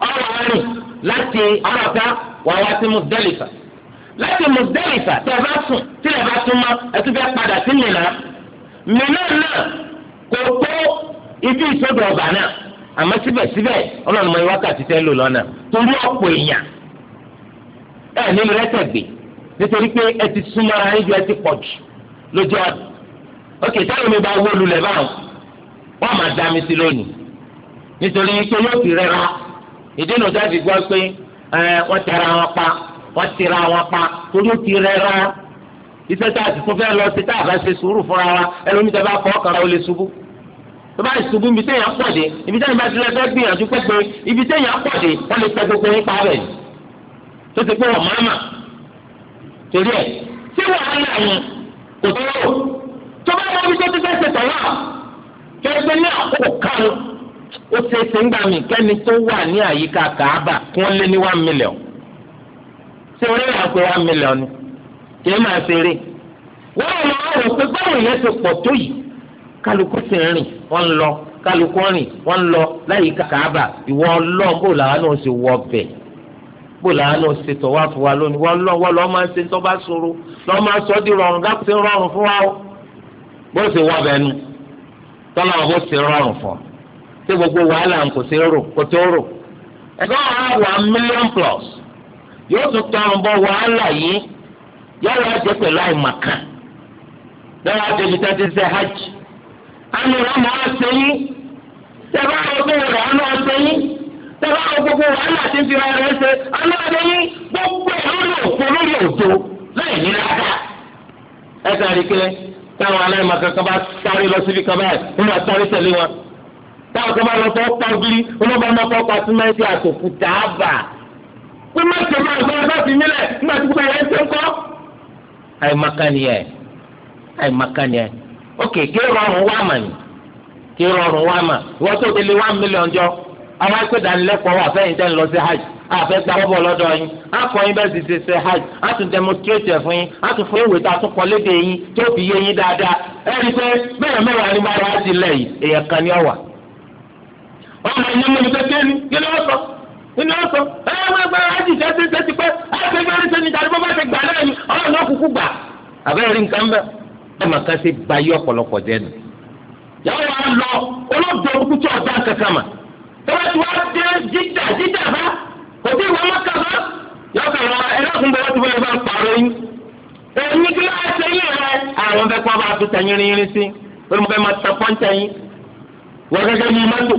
ọ̀rọ̀ àárín láti Àràfá wà wá sí Muzdalifa láti Muzdalifa tẹ́ bá sùn tílẹ̀ bá tún mọ́ ẹtú fẹ́ padà sí Mínà Mínà náà kò tó ibi ìsọdọ̀ ọ̀bà náà àmọ́ síbẹ̀síbẹ̀ ọlọ́run mọ wákàtí tẹ́ lò lọ́nà torí ọ̀pọ̀ èèyàn ẹ̀ nílò rẹ́tẹ̀gbẹ̀ nítorí pé ẹ ti súnmọ́ ara yín ju ẹ ti pọ̀ jù lójú ọ̀dọ̀ òkè táwọn mi bá wó lulẹ̀ báwọn wọ́n máa dá mi sí lónìí nítorí pé yóò fi rẹ́ra ìdí nu dáàbì gbọ́ pé wọ́n tẹ̀ra wọn pa wọ́n tẹ̀ra wọn pa torí ó ti rẹ́ra iṣẹ́ tá a ti tún fẹ́ lọ sí tá a bá ṣe sùúrù fúnra wa ẹlòmíì tẹ́ bá kọ́ ọ̀kàrà ó lè ṣubú tó bá ṣubú ibi téèyàn pọ̀ dé ibi téèyàn bá ti lọ fẹ́ gbìyànjú pẹ́pẹ́ ibi téèyàn pọ̀ dé wọ́n lè pẹ́ gbogbo nípa rẹ̀ tó ti pé wọ́n máa mà torí ẹ̀ tí wàhálà yẹn kò tó lò tó bá wọ́n ibi tó ti fẹ́ ṣe tọ̀wọ́ ó ṣe é ṣe ń gbà mí kẹ́ni tó wà ní àyíká kàábà kí wọ́n lé ní one million ṣé orí rà pé one million ni kì í máa ṣeré wọ́n rò wọ́n rò pé báwo yẹn ti pọ̀ tó yìí kálukú sì ń rìn wọ́n ń lọ kálukú rìn wọ́n ń lọ láyìíká kàábà ìwọ ọlọ́run bó làwọn náà ṣe wọ ọbẹ̀ bó làwọn náà ṣe tọ̀ wá fún wa lónìí wọ́n lọ wọ́n lọ́ọ́ máa ń ṣe tó bá ṣòro lọ́ọ́ máa sọ di rọrùn dákùn rọrùn fún wa o bó ṣe wọ ọbẹ̀ nu tọ́lá wọn bó ṣe rọrùn fún ọ ṣé gbogbo wàhálà kò sí rò kò tó rò ẹgbẹ́ wàhálà wà mílíọ̀n plus yóò tún tọ́ ọ̀n bọ́ wàhálà yìí yálà jẹ́ pẹ̀lú àìmọ̀kan lọ́wọ́ àjẹbí tá a ti ṣe hajj àmì rẹ̀ mọ́ ọ̀sẹ̀ yìí tẹ̀bá ọgbọ́n rẹ̀ ọ̀nà ọ̀sẹ̀ yìí tẹ̀bá gbogbo wàhálà ti fi ra rẹ̀ ṣe ọ̀nà ọ̀sẹ̀ yìí gbogbo ẹ̀ lórí òkú lórí òdo láì ní lága ẹ̀ sáré kí táwọn aláìmọ̀kan kan bá sáré lọ síbi kan báyìí nígbà sáré tẹ̀lé wọn táwọn kan bá lọ fọ́ pàgírí olóògbé ọmọ kan pa símẹ́ǹtì àtòkù dáàbà pé má ṣe máa gbọ́ ẹgbẹ́ sí nílẹ̀ nígbà tí gbogbo ẹ̀rẹ́ ń ṣe ń kọ́. àìmọ̀kànìyẹ àìmọ̀kànìyẹ ok kí rọrùn wá mà ní kí rọrùn wá mà wọ́n tó délé one million jọ àwọn akẹ́dánilẹ́kọ̀ọ́ wà fẹ́yìn tẹ́ ń lọ sí hajj àfẹ́ gba bọ́bọ̀ lọ́dọ̀ yín akọ yín bẹ́ẹ̀ sì ṣe hajj á tún fún a yín tó fi yé yín dáadáa ẹ̀rí pé bẹ́ẹ̀ mẹ́wàá ni bá ọmọ ẹ̀yìn mọ́ni kékeré ni kí ni wọ́n sọ nínú ọ̀sọ̀ ẹ̀yẹ́ wọ́n gbé ẹ̀jì sẹ́sì sẹ́sì pé ẹ̀sẹ̀ gbẹ́rẹ́ sẹ́ni tàbí bọ́ bá ti gbà náà ni ọ̀rọ̀ náà kúkú gbà. àbẹ́rẹ́ rí nǹkan bẹ́ẹ̀ ẹ̀ máa kásẹ̀ bá yí ọ̀pọ̀lọpọ̀ jẹ́ nu. yàrá wa lọ olóògbé òkú tí ọ̀dà kankan mà tọ́wọ́ tí wọ́n dé jíjà jíjà bá kò tí ìwọ́n má kàn án. yọ̀ọ̀kà wọn ẹlẹ́kùn bọ̀ wọ́n ti fẹ́ẹ́ bá ń pààrọ̀ yín. èyí kí láti ṣe yín rẹ àwọn fẹ́ kọ́ bá a tó tẹ̀yìn rin rin sí. olùmọ̀fẹ́ máa tẹ̀ pọ́ńtẹ̀ yín. wọ́n gẹ́gẹ́ bí mọ́tò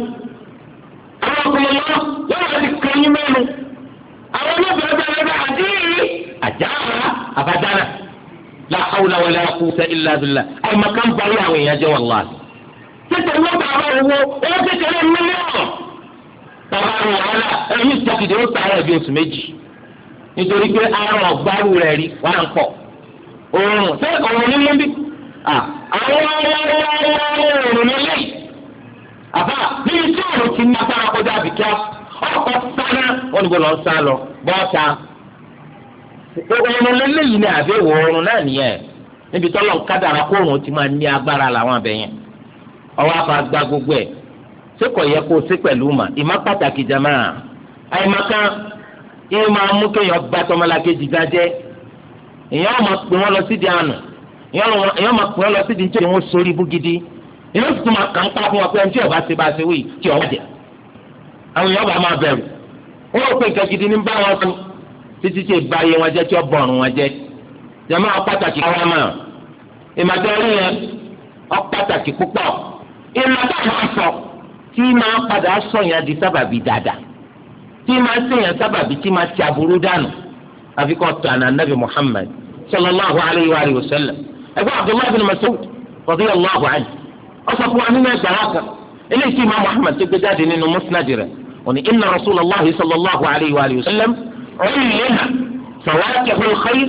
àwọn ọkùnrin lọ lọ́wọ́ ti kàn yín mẹ́nu àwọn olóògbé ọjọ́ ẹgbẹ́ àdéhìí àjára àbádára la hawla wala quwwata illa billah àyùmọ̀ kan bá yẹ àwọn èèyàn jẹ́ wallahi. tètè ló bá àwọn owó owó kékeré mílíọ̀nù bàbá rẹ̀ wàhálà ẹ̀yìn ìtàkìdé ó tààrà bí oṣù méjì nítorí pé àrùn ọ̀gbárù rẹ̀ rí wà ń pọ̀ òórùn fẹ́ òórùn nílé bí àwọn ọmọ ọmọ ọmọ òórùn nílé yìí. àbá níbi tí ti ní agbára kọjá àbíkíá ọkọ̀ sáná wọn ni gbọ́dọ̀ ń sá lọ bọ́ọ̀ta oorun lélẹ́yìn ni àbí ìwọ̀ oorun náà nìyẹn níbi tọ́lọ̀ ń kádàrà kóorùn ti máa ní agbára làwọn abẹ yẹn ọwọ́ afa gba gbogbo ẹ̀ ṣé kò yẹ kó o pẹ̀lú mà ìmá pàtàkì jama máa mú kéèyàn bá pè lọ sídìí àná ìlú tuntun máa kàn pa fún wa pé ẹni tí ọba ṣe bá ṣe wí tí ọba jẹ àwọn èèyàn bá máa bẹ̀rù ó rò pé nǹkan gidi ní bá wọn sùn títí tí ìbáyé wọn jẹ tí ó wọn jẹ jẹmọ pàtàkì káwọn mọ ìmọ̀tẹ́rì yẹn ọ pàtàkì púpọ̀ ìmọ̀tẹ́ sọ tí máa padà sọ yẹn di sábàbí tí máa sábàbí tí máa ti aburú dànù àfikún ọsọ fún wa nínú ẹgbàá kan eléyìí tí imaamu ahmed tó gbé jáde nínú musnad rẹ̀ òní inna rasulallah sallallahu alayhi wa sallam ọ̀hún ìlẹ́nà sawakihul khayr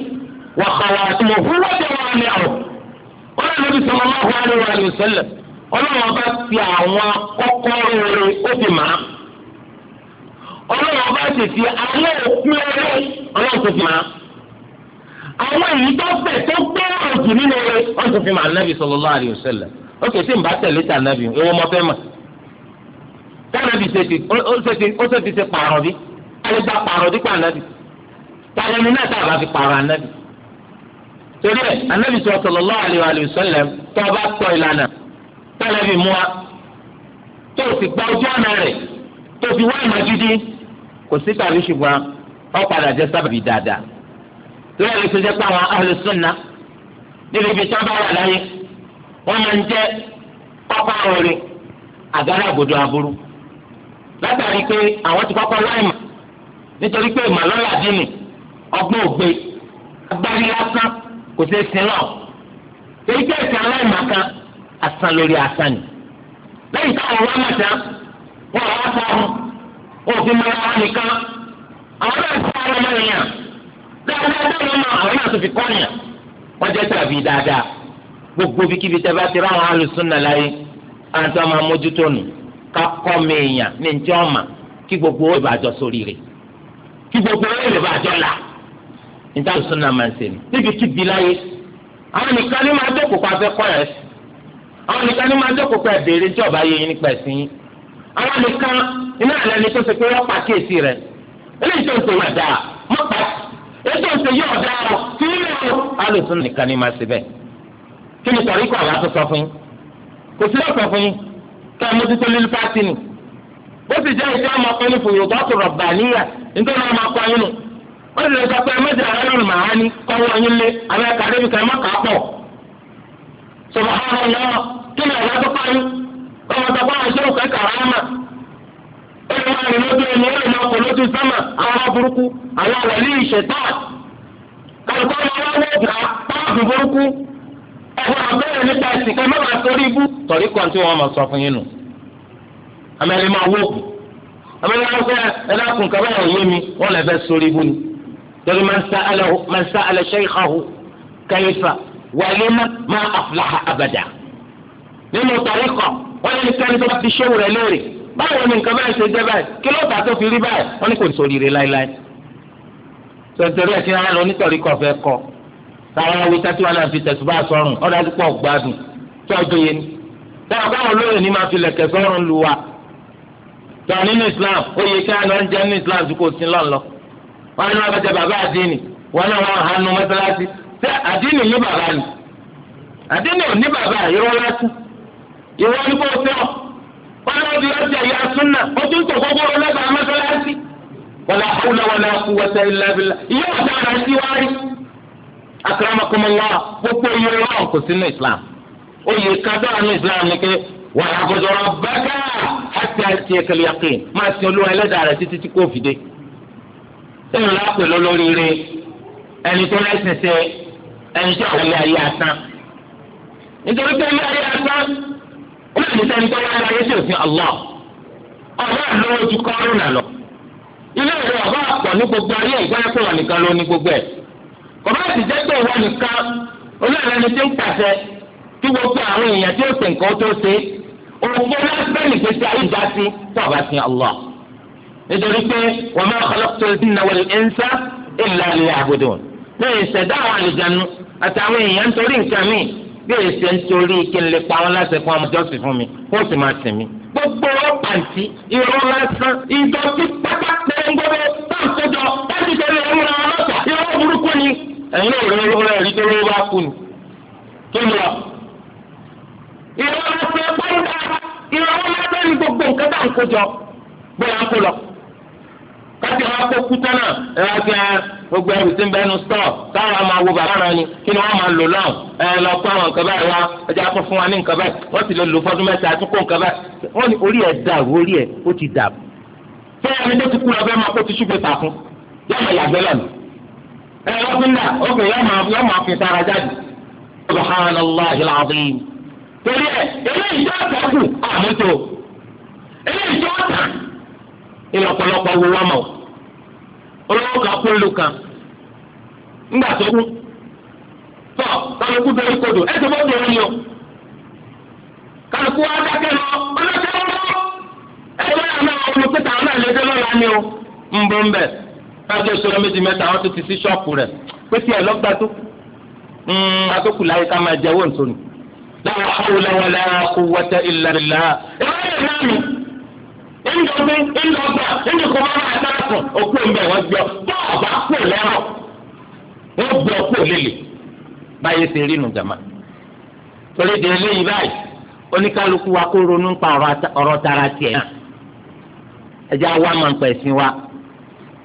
wa khawatimuhu wa jawami'uhu ọ̀hún nabi sallallahu alayhi wa sallam ọlọ́wọ́n bá fi àwọn kọ́kọ́rọ́ rẹ̀ ó fi máa ọlọ́wọ́n bá ti fi àwọn òpin rẹ̀ ọlọ́wọ́n tó fi máa àwọn èyí tó bẹ̀ tó gbé òjò nínú rẹ̀ ọ̀hún ó kè sí ń bá tẹ̀lé tà nàbì owó mọ fẹ́ mà tànàbì ṣètì ó ṣètì ó ṣètì ṣe pààrọ̀ bí alẹ́ gba pààrọ̀ dípò ànàbì tànàbì náà tàbá fi pààrọ̀ ànàbì torí ẹ ànàbì sallallahu alaihi wa sallam tó o bá tọ ìlànà tànàbì mú wa tó o sì gba ojú ọ̀nà rẹ̀ tó o fi wá ìmọ̀ gidi kò sí tàbí ṣùgbọ́n ọ padà jẹ sábàbí dáadáa torí ẹ lè ṣe jẹ́ pé àwọn ahlus sunnah níbi ibi tí wọ́n bá wà láyé wọ́n máa ń jẹ́ kọ́kọ́rọ́ rẹ̀ àgádágodo aburú látàrí pé àwọn ti kọ́kọ́ láìmọ̀ nítorí pé ìmọ̀lọ́lá dínì ọgbọ́n ògbé agbárí lásán kò ṣeé sin náà èyí tẹ̀ sí aláìmọ̀ kan asán lórí asán ni lẹ́yìn táwọn wá mọ̀ tán wọ́n wá fọ́ọ̀mù òfin mọ́ra wọn nìkan àwọn náà fọ́ ọmọ yẹn dáadáa dáadáa máa àwọn náà tó fi kọ́ yẹn wọ́n jẹ́ tàbí dáadáa gbogbo bíkíbi tẹ́ bá ti rá àwọn alùsùnà láyé àwọn tó máa mójútó nù ká kọ́ mi èèyàn ní njẹ́ ọ̀mà kí gbogbo ó lè bá àjọ sórí rẹ̀ kí gbogbo ó lè bá àjọ là níta alùsùnà máa ń ṣe ni níbi kíbi láyé àwọn nìkan ní máa dẹ́kun kó afẹ́ kọ́ ẹ̀ sí àwọn nìkan ní máa dẹ́kun kó ẹ̀ tí ọ̀bá yẹ nípa ẹ̀sìn yín àwọn nìkan iná àlẹ́ ni tó ṣe pé wọ́n pàkíyèsí rẹ̀ eléyìí tó ń pè wọ́n dáa mọ́ kí ni sọ̀rí kọ̀ wá tó sọ fún yín kò sí lọ́sọ̀ fún yín kí ọmọ títún lílu pátì nì bó sì jẹ́ ìjọ ọmọ pé ní fòyò tó sọ̀rọ̀ bà níyà nítorí ọmọ akọ yín nù ó sì lè sọ pé ẹmẹ́jì aráàlú màá ní kọ́wọ́ yín lé àwọn ẹ̀ka débi kan mọ́kà pọ̀ sọ̀rọ̀ àwọn ọ̀nà kí ni ọ̀gá tó pààyàn ọmọ tó pààyàn ṣé òkè kàrámà ó lè máa rìn lójú ẹni ó lè máa kò lójú sọ́mà àwọn burúkú àwọn wọ̀lí ìṣẹ̀tọ́ kàlùkọ́ ọmọ wọn wọ́ọ̀dù ẹ̀wọ̀n abẹ́rẹ́ nípa ẹ̀sìn kẹ́ mẹ́wàá sórí ibú tọ̀rí kan tí wọ́n máa sọ fún yín nù. amẹ́rin máa wọ́ọ̀kù amẹ́rin máa fẹ́ ẹ̀dákùn kaba ẹ̀ yé mi wọ́n lè fẹ́ sórí ibú ni. torí máa ń sá alẹ́ ṣẹ́yìkáhu kẹ́yìfà wàlé máa àfúláhà abàdà. nínú tọ̀rí kan wọ́n lè sẹ́ni tó bá ti ṣéwù rẹ̀ lóore báwo ni nǹkan báyìí ṣe jẹ́ báyìí kí ló bá tó fi rí báyìí wọ́n ní kò sóríire láéláé. tòtòrí ẹ̀ táwọn awi tẹ́tí wọn náà fi tẹ̀sí bá sọ̀rùn ọ̀dà tó pọ̀ gbádùn tó ọjọ́ yẹn ni. táwọn báwọn olóyè ní máa fi lẹ̀kẹ̀ sọ̀rùn lu wa. tọ́ nínú Islam ó yẹ kí àná ń jẹ́ nínú Islam tó kò sí lọ́nlọ́. wọ́n ní wọn bẹ jẹ bàbá àdínì wọn náà wọn hànú mọ́sálásí. ṣé àdínì ní bàbá ni? àdínì ò ní bàbá ìrọ́ lásán. ìwọ ni kò fẹ́ ọ. wọn náà fi ọjà ìyá súnà ó tún tọ̀ akramakumullah gbogbo iye ihe kò sínú islam oyè kadọ́ra ní islam ni pé wàá àgọ́dọ̀ rabbaka hatta ya'tiyakal yaqin máa sin olúwa ẹlẹ́dàá rẹ̀ títí tí kò fi dé. ẹ̀rọ lápẹ̀ lọ́lọ́rìíre ẹni tó lẹ́sìn ṣe ẹni tó àwọn ilé ayé asán. nítorí pé ilé ayé asán ó lè ẹni tó sí òfin Allah ojú nà lọ. ilé ìwé àpọ̀ ní gbogbo ayé bàbá àti jẹ́ pé ìwọ nìkan olóòrè ni tí ń pàṣẹ tí gbogbo àwọn èèyàn tí ó sì nǹkan tó ṣe òfin lásán ìgbésí ayé ìjà sí tó ọba sin Allah nítorí pé wa ma khalaqtul jinna wal insa illa liya'budun ní ìṣẹ̀dá àwọn àlùjánu àtàwọn èèyàn nítorí nǹkan mi bí èsì nítorí kí n lè pa wọn láṣẹ fún ọmọdé ọ̀sìn fún mi kó sì máa sìn mí. gbogbo wọn pàǹtí irọ́ lásán ìdọ̀tí pátákó ń gbọ́dọ̀ tó sọ́jọ́ láti tẹ̀lé ìwúra ọlọ́pàá irọ́ burúkú ni ẹ̀yin náà rẹ ló rẹ̀ rí tó ló bá kú ni kí ni ọ. ìrọ̀ ọ̀la ti ẹgbẹ́ ń ta ìrọ̀ ọ̀la bẹ́ẹ̀ ni gbogbo nǹkan bá ń kó jọ bóyá kó lọ. káti àwọn akókú tán náà ẹ wá gbé gbogbo ẹrù tí ń bẹ nu stọọ táwọn máa wo bàbá náà ni kí ni wọn máa lò náà ẹ lọ kó àwọn nǹkan báyìí wá ẹjẹ akó fún wa ní nǹkan báyìí wọn sì lè lò fọdún mẹ́ta àtúnkò nǹkan báyìí wọn ni orí ẹ dàrú orí ẹ ó ti dàrú. fẹ́ẹ́ ẹ lọ́fíńdà ókè yọ máa fi sára jáde. subhanallahi alazim. torí ẹ eléyìí tó àtàkù àmútó eléyìí tó àtà ilẹ̀ ọ̀pọ̀lọpọ̀ wo wá mọ̀ olówó kan kú lu kan ńgbà tó kú tọ kálukú dorí kodò ẹ ti bọ́ yọ kálukú lọ yà máa wọlé àlejò ni ń ń káàkiri sọ̀rọ̀ méjì mẹ́ta àwọn tó ti sí ṣọ́ọ̀kù rẹ̀ pé tí ẹ̀ lọ́gbà tó àtòkù hmm, láyé ká máa jẹ́ wọ́n tóni. láwọn hawla wala quwwata illa billah. ìwádìí náà mi ńdọ̀gbé ńdọ̀gbà ńdọ̀kọ̀ máa bá àtàkùn òkú ẹ̀mí ẹ̀wọ̀n gbọ́ bọ́ọ̀ bá kú lẹ́rọ̀ wọ́n gbọ́ kú lélẹ̀ báyé ṣe rí nu jàmá. torí de eléyìí báyìí oníkálukú wa kó ronú pa ọ̀rọ̀ tara tiẹ̀ náà ẹ̀jẹ̀ àwa máa ń pẹ̀ sí wa.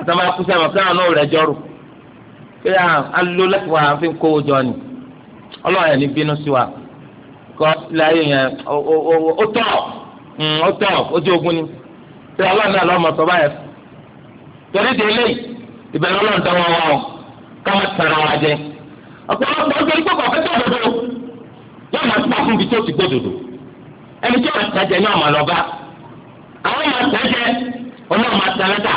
àtàwọn akúṣe àmọ́ káwọn náà rẹ̀ jọrù pé alo láti wà á fi kówó jọ ni ọlọ́run yẹn ní bínú sí wa kọ́ láyé yẹn ó tọ̀ hmm, ó tọ̀ ojú ogun ni pé ọlọ́run náà lọ́mọ sọ báyẹn torí di eléyìí ìbẹ̀rù ọlọ́run dáwọ́ wa o káwọn tẹ̀ra wa jẹ ọ̀pọ̀lọpọ̀ ọjọ́ ìgbà kọ̀ọ̀kan tó dodo yóò máa gbà fún ibi tó ti gbó dodo ẹni tí wọ́n tẹ̀jẹ̀ ní ọ̀mọ̀lọ́ba àwọn máa tẹ̀jẹ̀ ọlọ́run máa tẹ̀lẹ́ta.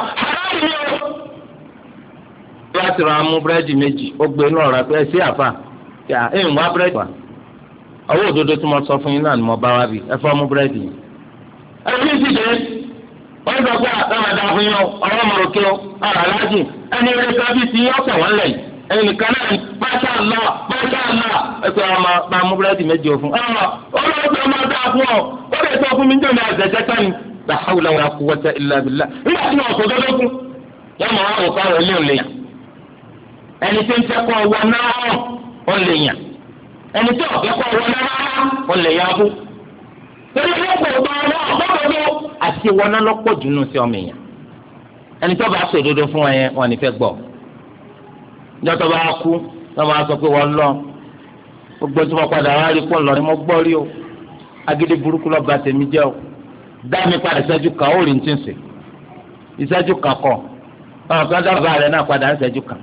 láti ra mú búrẹ́dì méjì ó gbé inú ọ̀rá pé ẹ sí àfà kí à ń wá búrẹ́dì wa ọwọ́ òdodo tí mo sọ fún yín náà ni mo bá wá bí ẹ fọ́ mú búrẹ́dì yìí. ẹ bí ti ṣe wọ́n sọ pé àtàwàdà fún yín ọ̀rọ̀ mọ̀rọ̀kẹ́ ọ ọ̀rọ̀ aláàjì ẹni rẹ̀ kábíyèsí yín ọ̀sẹ̀ wọ́n lẹ̀ ẹni nìkan náà ní pátá àlá pátá àlá ẹ pé ọmọ bá mú búrẹ́dì méjì o fún ọmọ olóòótọ́ máa dáa fún ọ ó lè sọ fún mi ní ìjọba àgbẹ̀jẹ̀ tán ni la hawla wala quwwata illa billah nígbà tí wọn kò ẹni tó ń fẹ́ kọ́ wọ náà ó lè yàn ẹni tó ọ̀fẹ́ kọ́ wọ náà ó lè yàn kú. torí ọ̀pọ̀ ọ̀gbọ́n náà ọ̀gbọ́n àti ìwọ náà lọ́pọ̀ jù nù sí ọmọ èèyàn ẹni tó bá sọ òdodo fún ẹ wọn ní fẹ́ gbọ́ ìjọba bá kú lọ́wọ́ á sọ pé wọ́n lọ gbogbo tí wọ́n padà wá rí pọ̀ lọ ni mo gbọ́ rí o agídí burúkú lọ́ọ́ bá tèmi jẹ́ o dá mi padà ìṣẹ́jú kan ó rí ní tí ń sè ìṣẹ́jú kan kọ̀ ọ̀nà kan dábàá rẹ̀ náà padà ń ṣẹ́jú kan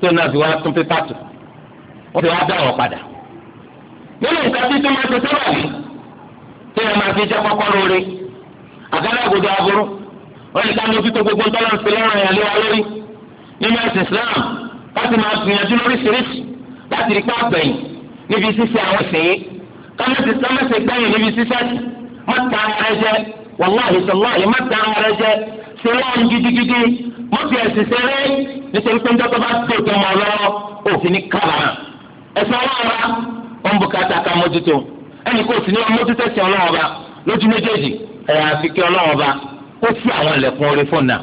tó náà fi wá tún pépà tó wọ́n ti wá dá wọn padà. nínú nǹkan tí tó máa ti sábà yìí tí wọ́n máa fi jẹ́ kọ́kọ́ lórí àgádágodo aburú wọ́n ní ká mójútó gbogbo ńtọ́lá ń fi lọ́rùn ẹ̀yà léwa lórí nínú ẹ̀sìn Islam láti máa gbìyànjú lóríṣiríṣi láti rí pàgbẹ̀yìn níbi ṣíṣe àwọn ìṣèyí kámẹ́sì kámẹ́sì gbẹ̀yìn níbi ṣíṣe mọ́ta ẹ̀jẹ̀ wàláhì sọláhì má tara rẹ jẹ ṣe lọ́run gidigidi má fi ẹ̀sìn ṣeré nítorí pé njọ́ tó bá tó tó mọ̀ lọ́wọ́ òfin ní kábàárà ẹ̀sìn ọlọ́ọ̀ba ó ń bùkátà ká mójútó ẹnì kò sí ní wọn mójútó ẹ̀sìn ọlọ́ọ̀ba lójú méjèèjì ẹ̀yà àfikẹ́ ọlọ́ọ̀ba ó sí àwọn ẹlẹ́kùn orí fún náà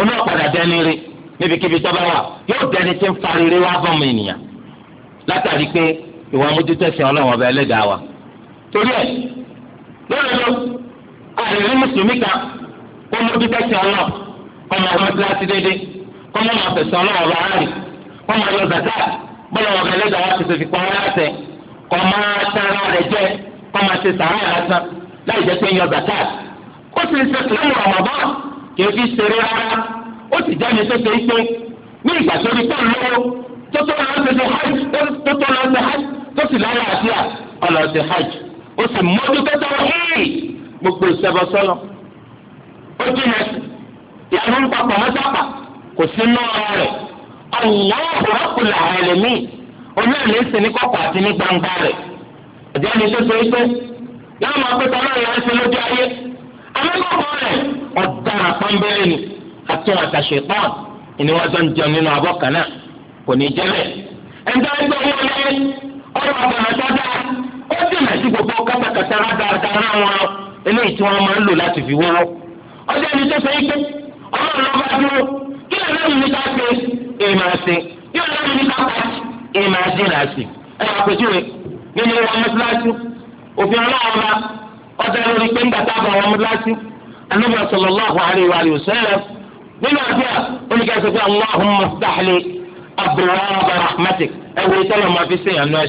oníwàpadà dẹ́ni rí níbikíbi tó bá wà yóò dẹ́ni tí ń fariri wá bọ́mọ ènìyàn látàrí pé ìwà mójútó ẹ̀sìn ọlọ́ọ̀ba ẹlẹ́dàá wa torí ẹ̀ lọ́dọọdọ àìrí mùsùlùmí kan kó mójú tẹ̀sí ọlọ́ kọ́ máa wọ́n kíláàsì déédéé kọ́ máa máa fẹ̀sẹ̀ ọlọ́wọ́ bá rárì kọ́ máa yọ zàtà bọ́lá wọn kẹlẹ́ dàwọ́ ti ṣe fi pọ́n láṣẹ kọ́ máa tara rẹ̀ jẹ́ kọ́ máa ṣe sàárà lásán láì jẹ́ pé yọ zàtà ó sì ń ṣe kìlọ́mù ọ̀mọ̀bọ́ kì í fi ṣeré rárá ó sì jẹ́ mi tó ṣe é pé ní ìgbà tó rí pọ́ùn lówó tó tó lọ́ọ́ ṣe ṣe hajj tó tó lọ́ọ́ ṣe hajj tó sì lọ́ọ́ ṣe hajj ó sì mójú tó tọ́ gbogbo ìṣẹ́bọ sọ́lọ̀ ó jìnà sí ìyàwó ń papọ̀ mọ́sápà kò sí inú ọ̀rọ̀ rẹ̀ Allahu Rabbul Alamin olóòlù ń sìn ní kọ̀kọ̀ àti ní gbangba rẹ̀ ọ̀jẹ́ ni tó so pé yóò máa pẹ́ tọ́lá ìyá ẹsẹ̀ lójú ayé amẹ́kọ̀ọ́ rẹ̀ ọ̀daràn pọ́nbẹ́rẹ́ ni àtún àtàṣe pọ́n ìníwájú ń jẹun nínú abọ́ kan náà kò ní jẹ́ bẹ́ẹ̀ ẹ̀ńtẹ́ ẹgbẹ́ wọn lé ọ̀rọ̀ àbọ̀nà tó dáa ó dènà sí gbogbo kátàkátà rádaràdà náà eléyìí tí wọ́n máa ń lò láti fi wọ́wọ́ ọjọ́ ẹni tó ṣe é pé ọlọ́run ló bá dúró kí ọlọ́run ní ká ṣe é máa ṣe kí ọlọ́run ní ká pàṣẹ é máa ṣe là sí ẹ àpèjúwe nínú wọn mọ́tíláṣí òfin ọlọ́run bá ọjọ́ lórí pé nígbà tá a bá wọn mọ́tíláṣí anábì sallallahu alaihi wa alihi wasallam nínú àdúrà oníkẹ́sọ̀ pé allahumma iftah li rahmatik ẹ̀wọ̀ ìtọ́lọ̀ máa fi ṣèyàn náà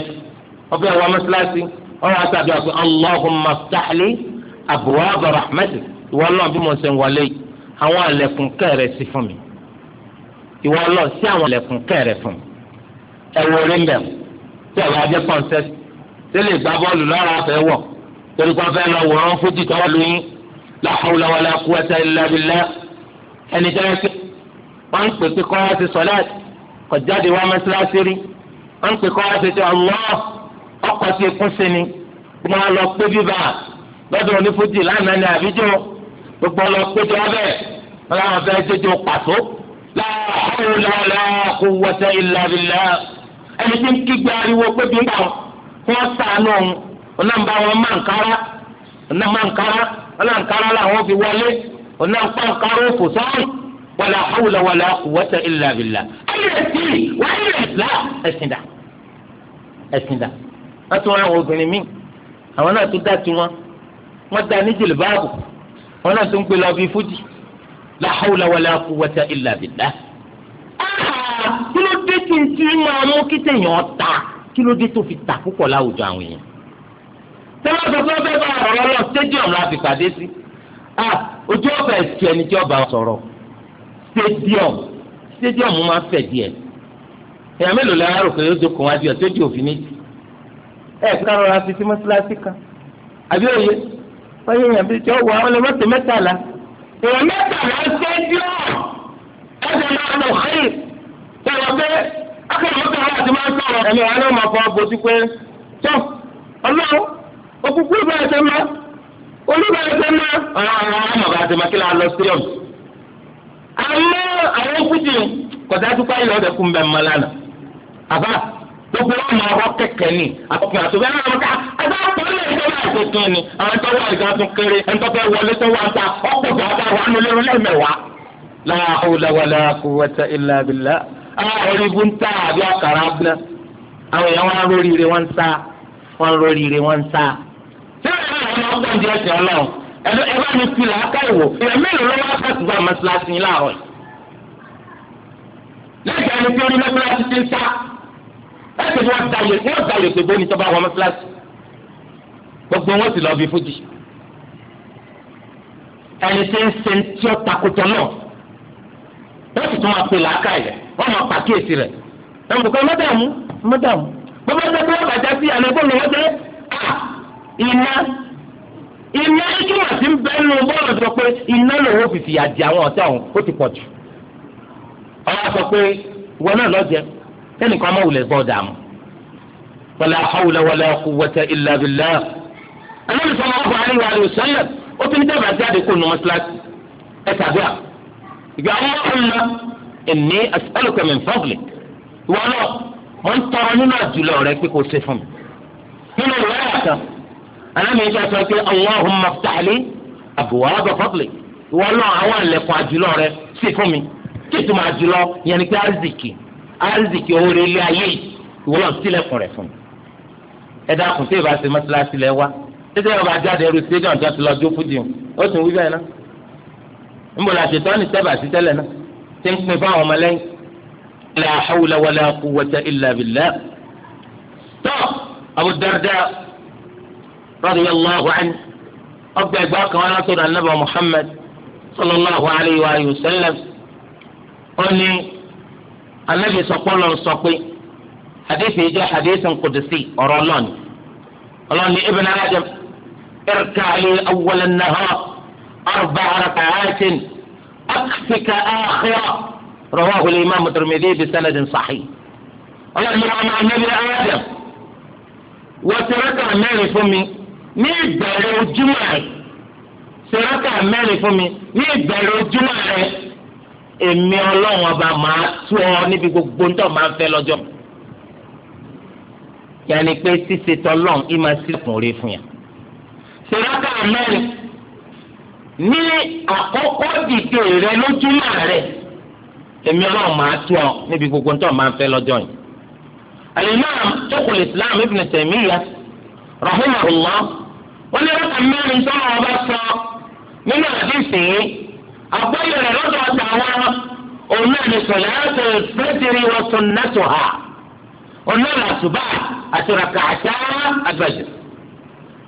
ọbẹ̀ wọn mọ́tíláṣí ọ̀rọ̀ àtàdúrà pé allahumma iftah abwaab rahmatik ìwọ Ọlọ́run bí mo ṣe ń wọlé yìí àwọn àlẹ̀kùn kẹrẹ sí fún mi ìwọ Ọlọ́run sí àwọn àlẹ̀kùn kẹrẹ fún mi ẹ wo orí ń bẹ̀ tí ọ̀gá ajé pọ̀nsẹ́sì tí lè gbá bọ́ọ̀lù lọ́rọ̀ àfẹ́ wọ̀ torí kan fẹ́ lọ wòran fújì tọ́wọ́ lóyún la hawla wala quwwata illa billah ẹni tẹ́ ẹ pé wọ́n ń pè pé kọ́ wá sí sọ́láàt kò jáde wá mọ́sálásí rí wọ́n ń pè kọ́ wá sí ti ọ̀lọ́ ọkọ̀ sí sí ni wọ́n lọ pé bíbá lọ́dọ̀ onífojì lánàá ní àbíjọ gbogbo ọlọ́pẹ́jọ ọbẹ̀ ọlọ́run fẹ́ jẹjọ pàtó láàárọ̀ kó wọ́tẹ́ ìlàbílà ẹni tí ń kígbe ariwo pé bí ń bà wọ́n sànù ọ̀nà ń bá wọn máa ń kára ọ̀nà máa ń kára ọ̀nà ń kára làwọn fi wọlé ọ̀nà ń pa ń kára òfò sọ́ọ̀rù wàlà hawla wàlà quwwata illa billah. ayẹ̀sì wàlẹ̀ ìlà ẹ̀sìn dà ẹ̀sìn dà wọ́n tún wọn wọ́n da ní jìlìbáàbù wọ́n náà tó ń pè lọ bí fújì la hawla wala quwwata illa billah. Ah, kí ló dé tí n ti máa mú kí tèèyàn ta kí ló dé tó fi ta púpọ̀ láwùjọ àwọn èèyàn. tẹ́lá sọ fún ọbẹ̀ bá ọ̀rọ̀ lọ stadium la fi pàdé sí. Ah, ojú ọbẹ̀ ẹ̀sìn ẹni tí ọba sọ̀rọ̀ stadium stadium máa fẹ̀ díẹ̀. èèyàn mélòó la rò pé ó dókun wájú ẹ̀ tó di òfin méjì. ẹ̀ ká fi sí mọ́ṣáláṣí wọ́n yẹ èèyàn bíi tí ó wọ àwọn ọlọ́mọ́tò mẹ́tàlá èèyàn mẹ́tàlá ṣẹ́jú ẹ̀jẹ̀ máa lọ xẹ́yì ìwọ pé akẹ́kọ̀ọ́ àwọn àti máa sọ̀rọ̀ ẹ̀mí wọn ni máa fọ bòtí pé tó ọlọ́run òkùnkùn ìbá ẹ̀sẹ̀ máa olúbà ẹ̀sẹ̀ máa ọ̀rọ̀ àwọn ọmọọba àti màkìlá lọ sílẹ̀ àmọ́ àwọn kùtì kọ̀dá dúpọ̀ ìlọ́dẹ̀kùn bẹ́ẹ̀ mọ́ lánàá àbá gbogbo wọn máa wọ kẹ̀kẹ́ ni àtọkùn àtọkùn ẹni àwọn ká ẹgbẹ́ àtọkùn lè ṣe láì tuntun ni àwọn ẹ̀tọ́ wà ìgbà tún kéré ẹ̀tọ́ fẹ́ wọlé tó wà ń ta ọkọ tó wà wà nù lérò lẹ́mẹ̀wàá. la hawla wala quwwata illa billah àwọn oríbu ń ta àbí ọkàrà abúlé àwọn èèyàn wọn lórí ire wọn ń sá wọn lórí ire wọn ń sá. ṣé ìrìn àwọn ọgbọ́n di ẹ̀sìn ọlọ́run ẹ láti wọ́n dalè wọ́n dalè gbogbo ní tọ́ba wọn mọ́sálásì gbogbo wọn sì lọ bí fújì ẹni tí ń ṣe tí ó takùtọ̀ náà wọ́n sì tún máa pè láàkà yẹ wọ́n máa pàkíyèsí rẹ̀ ẹ̀ ń bùkọ́ mọ́dàmú mọ́dàmú bọ́bá ṣe pé wọ́n bàjá sí àná bọ́ọ̀lù wọ́n tẹ́lẹ̀ iná iná ìtumọ̀ sí ń bẹ́ẹ̀ nù bọ́ọ̀lù sọ pé iná lòun fìfì àjẹ àwọn ọ̀tá òun ó ti pọ̀ jù ọ̀rọ̀ sọ pé ìwọ náà lọ́jẹ̀ẹ́ kẹ́nìkan máa wulẹ̀ gbọ́ dààmú. wala hawla wala quwwata illa billah. anábì sallallahu alaihi wa sallam ó tún dábàá jáde kó nu mọ́sálásí ẹ tàbí à. ìgbà wọn kọ́ ń lọ inni as'aluka min fadlik. ìwọ náà mo ń tọrọ nínú àjùlọ rẹ pé kò ṣe fún mi. nínú ìwé àtàn anábì mi kí arzikì owó rẹ ilé ayé ìwọ lọ sílẹ̀kùn rẹ̀ fún mi ẹ dákun tí ìbá ṣe mọ́ṣáláṣí lẹ wá títí ẹ bá jáde ẹrú stadium tó ti lọ jó fúdi o ó tún wí bẹ́ẹ̀ náà ń bọ̀ láti tọ́ ní sẹ́bà sí tẹ́lẹ̀ náà tí ń pin fáwọn ọmọlẹ́yìn la hawla wala quwwata illa billah tọ́ Abu Darda radiyallahu anhu ọgbà ẹgbà kan wọn látọ̀dọ̀ anábà Muhammad sallallahu anabi sọpọlọ sọ pé hadithi jẹ́ hadithi qudsi ọ̀rọ̀ lọni ọlọni ibn adam irkaali awwala nahar arba'a raka'atin akfika akhira rawahu al-imam tirmidhi bi sanadin sahih ọlọni ọmọ anabi adam wọ́tí rákà mẹ́rin fún mi ní ìbẹ̀rẹ̀ ojúmọ́ rẹ̀ ṣe rákà mẹ́rin fún mi ní ìbẹ̀rẹ̀ ojúmọ́ rẹ̀. èmi ọlọ́run ọba máa tú ọ níbi gbogbo ńtọ́ máa ń fẹ́ lọ́jọ́ yẹni pé ṣíṣe tọ́lọ́run kí máa sílẹ̀kùn orí fún yàn. sèrèkà mẹ́rin ní àkọ́kọ́ dìde rẹ lójúmọ́ rẹ èmi ọlọ́run máa tú ọ níbi gbogbo ńtọ́ máa ń fẹ́ lọ́jọ́ yìí. Alimam, imam Shaykhul Islam Ibn Taymiyyah rahimahullah wọ́n ní rákà mẹ́rin sọ́nà ọba sọ nínú àdìsí yìí àgbáyé rẹ̀ lọ́dọ̀ ọ̀tà wọn òun náà ní sọ̀lá ẹ̀sẹ̀ fẹ́tìrì wọn sùn nẹ́tò hà òun náà là ṣùbà àti ràkà àṣà àgbàjẹ.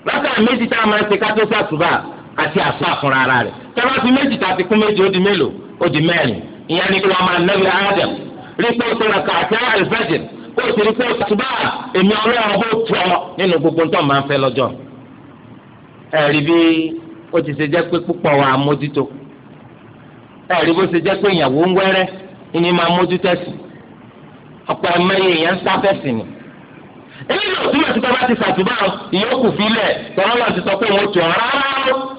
rákà méjì tá a máa ń ṣe kátó sí àṣùbà àti àṣà fúnra ara rẹ̀ tẹ́lá fi méjì tá a ti kún méjì ó di mélòó ó di mẹ́rin ìyẹn ni kí wọ́n máa nẹ́bí Adam rí pé ó ṣe ràkà ó sì rí pé àṣùbà èmi ọlọ́run bó tọ́ nínú ẹ̀rí bó ṣe jẹ́ pé ìyàwó ń wẹ́rẹ́ ìní máa mójú tẹ̀sí ọ̀pọ̀ ẹ̀mẹ́yẹ èèyàn ń sáfẹ̀sì ni. èyí ló túmọ̀ sí tọ́ba ti ṣàtúbà ìyókù fílẹ̀ tọ́lọ́ náà ti sọ pé òun tù ọ́ rárá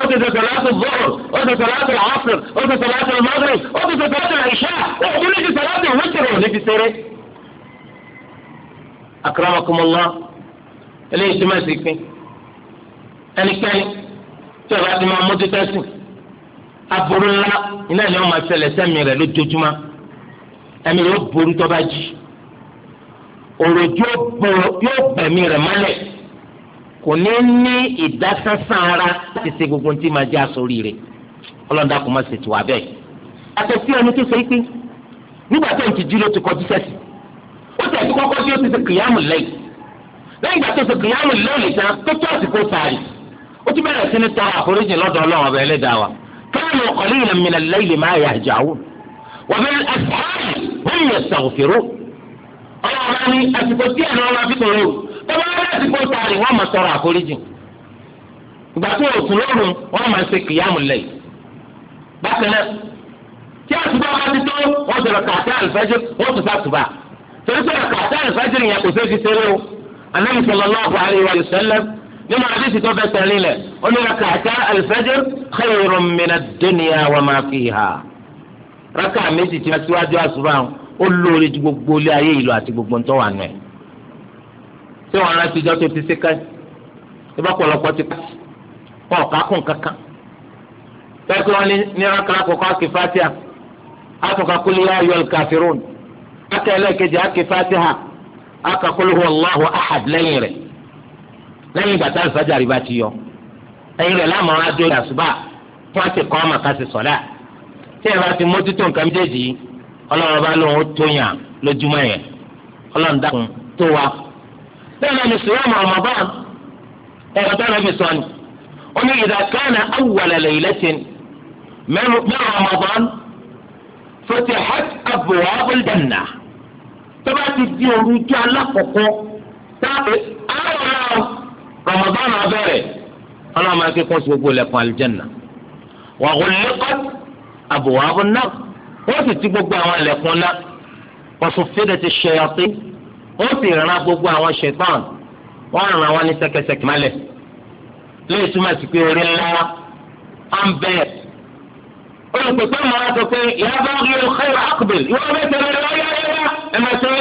ó ti sọ̀tọ̀ láti bọ́ọ̀l ó ti sọ̀tọ̀ láti ọ̀sìn ó ti sọ̀tọ̀ láti mọ́gírì ó ti sọ̀tọ̀ láti àìṣá òun ní ti sọ̀tọ̀ láti wíṣọ̀rọ̀ ní fi ṣeré. akramakumullah aburú ńlá iná ni wọn máa ṣẹlẹ̀ sẹ́mi rẹ̀ lójoojúmọ́ ẹ̀mí yóò borí tó bá jí òròjú yóò bẹ̀mí rẹ̀ mọ́lẹ̀ kò ní ní ìdásánsán ara láti ṣe gbogbo tí máa jẹ́ àsórí rẹ̀ ọlọ́dà kò má ṣe tù wá bẹ́ẹ̀. àtẹ̀ sí ẹni tó ṣe é pé nígbà tó ń ti jí ló ti kọjú sẹ́sì ó ti ẹ̀sìn kọ́kọ́ tí ó ti ṣe kìyàmù lẹ́yìn lẹ́yìn ìgbà tó ṣe kìyàmù lẹ́yìn tán tó tó àsìkò sàárì ó ti bẹ̀rẹ̀ sí ní tọrọ àforíjì lọ́dọ̀ ọlọ́run ọba كانوا قليلا من الليل ما يهجعون ومن وبالأسحار هم يستغفرون ọlọ́run ní àsìkò tí ẹ̀rọ wa fi sọ̀rọ̀ o tọ́wọ́ ní àsìkò tààrí wọ́n máa sọ̀rọ̀ àforíjì ìgbà tó o sùn lóru wọ́n máa ṣe kìyàmù lẹ́yìn bákan náà tí àsìkò wa ti tó wọ́n sọ̀rọ̀ kàtà àlùfáàjì wọ́n tún sàtùbà torí sọ̀rọ̀ kàtà àlùfáàjì yẹn kò ṣeé fi ṣeré o anábìsọ̀lọ́lá nínú àdéhùn tó fẹsẹ̀ rinlẹ̀ onírakaata alifajr khayrun mina dunya wa ma fiha raka méjì tí wọ́n síwájú àṣùbà ó lóore ju gbogbo ilé ayé ìlú àti gbogbo ntọ́ wà nù ẹ̀ tí wọ́n rántí ìjọ tó ti ṣe ká ẹ bá pọ̀lọpọ̀ ti ká kọ́ ọ̀ká kún kankan bẹ́ẹ̀ kí wọ́n raka àkọ́kọ́ àkè fatia àkọ́kọ́ kúlẹ̀ yá ayọ̀ kàfírún àkẹ́ ẹlẹ́kejì àkè fatia àkàkúlẹ̀ wọ́n lọ́hùn àhàd rẹ̀ lẹ́yìn ìgbà tá àlùfájàrí bá ti yọ ẹ̀yìn rẹ̀ láàmú adó àṣùbà fún àti kọ́ ọmọ ká ti sọ̀lá tí ẹ bá ti mójútó nǹkan méjèèjì ọlọ́run bá lóun ó tó yàn lójúmọ́ yẹn ọlọ́run dákun tó wa. bẹ́ẹ̀ ni sùúrù ọmọ ọmọ báà ẹ̀rọ tó lọ́ fi sọ ni ó ní ìdá kánà awùwàlẹ̀lẹ̀ ìlẹ́sìn mẹ́rin ọmọ báà fòtì hàt àbùwà ọ̀bùdànà tó bá ti di òru alákọ̀ọ́kọ́ táàbù àwọn Ramadan abẹ́rẹ́ ọlọ́run máa ń kíkún sí gbogbo ilẹ̀kùn alìjẹ́nà wa ghulliqat abwaabu an-nar wọ́n sì ti gbogbo àwọn ilẹ̀kùn ńlá wa suffidati ash-shayatin wọ́n sì rán gbogbo àwọn ṣẹ̀tàn wọ́n rán wọn ní sẹ́kẹsẹ́kẹ́ mọ́lẹ̀ lẹ́yìn túmọ̀ sí pé orí ńlá á ń bẹ̀ olùpẹ̀pẹ̀ mọ́ra sọ pé ìyá bá ń rí ọkọ̀ ìwà àkùbẹ̀ ìwọ́n bẹ́ẹ̀ tẹ̀lé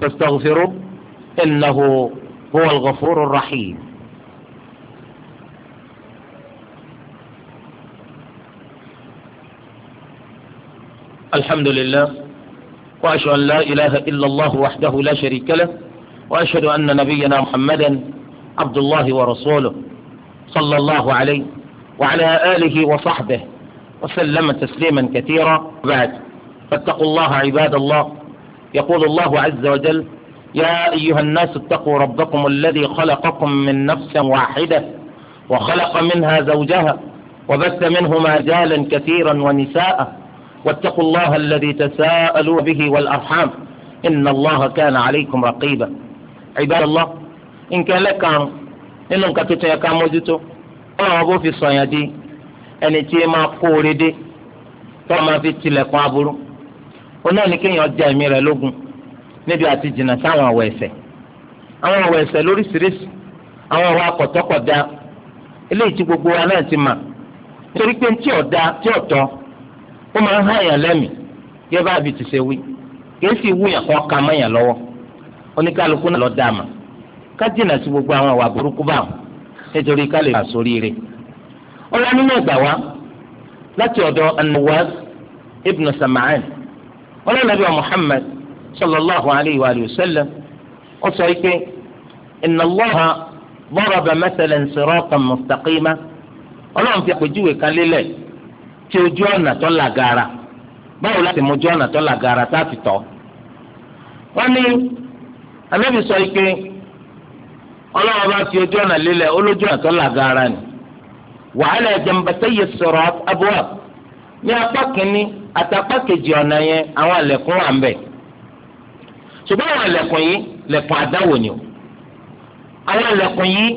فاستغفروه إنه هو الغفور الرحيم الحمد لله وأشهد أن لا إله إلا الله وحده لا شريك له وأشهد أن نبينا محمدا عبد الله ورسوله صلى الله عليه وعلى آله وصحبه وسلم تسليما كثيرا بعد فاتقوا الله عباد الله يقول الله عز وجل يا أيها الناس اتقوا ربكم الذي خلقكم من نفس واحدة وخلق منها زوجها وبث منهما رجالا كثيرا ونساء واتقوا الله الذي تساءلوا به والأرحام إن الله كان عليكم رقيبا عباد الله إن كان لك إن لم تكن tẹ ẹ ká في الصيادين ان fi sọ̀yàn فما في tí ẹ ona náà ní kéèyàn já ẹ̀mí rẹ̀ lógun níbi àti jìnnà sáwọn àwọ̀ ẹ̀ṣẹ̀ àwọn àwọ̀ ẹ̀ṣẹ̀ lóríṣiríṣi àwọn kọtọkọ daa. eléyìí tí gbogbo wa náà ti mà nítorí pé tí tí ọ̀tọ́ ó máa ń há èèyàn lẹ́mìí yẹ bá àbí ti ṣe wí kìí sì wúyàn kọ́ ka mọ́yàn lọ́wọ́ oníkálukú náà lọ dá àmà ká jìnnà gbogbo àwọn nítorí ká lè bá láti ọ̀dọ̀ ibn wọn lọ́nà bíi muhammad sallallahu alayhi wa sallam ó sọ pé inna allaha daraba mathalan siratan mustaqima ọlọ́run fi àpèjúwe kan lélẹ̀ tí ojú ọ̀nà tó làgàrà báwo láti mú ojú ọ̀nà tó làgàrà tá a fi tọ́ wọ́n ní anábì sọ pé ọlọ́run bá fi ojú ọ̀nà lélẹ̀ olójú ọ̀nà tó làgàrà ni wàhálà jambatayyi sirat abwab ní apá kínní àtàpá kejì ọ̀nà yẹn àwọn àlẹ̀kùn wà ń bẹ̀ ṣùgbọ́n àwọn àlẹ̀kùn yìí lẹ̀kùn àdáwò ni o àwọn àlẹ̀kùn yìí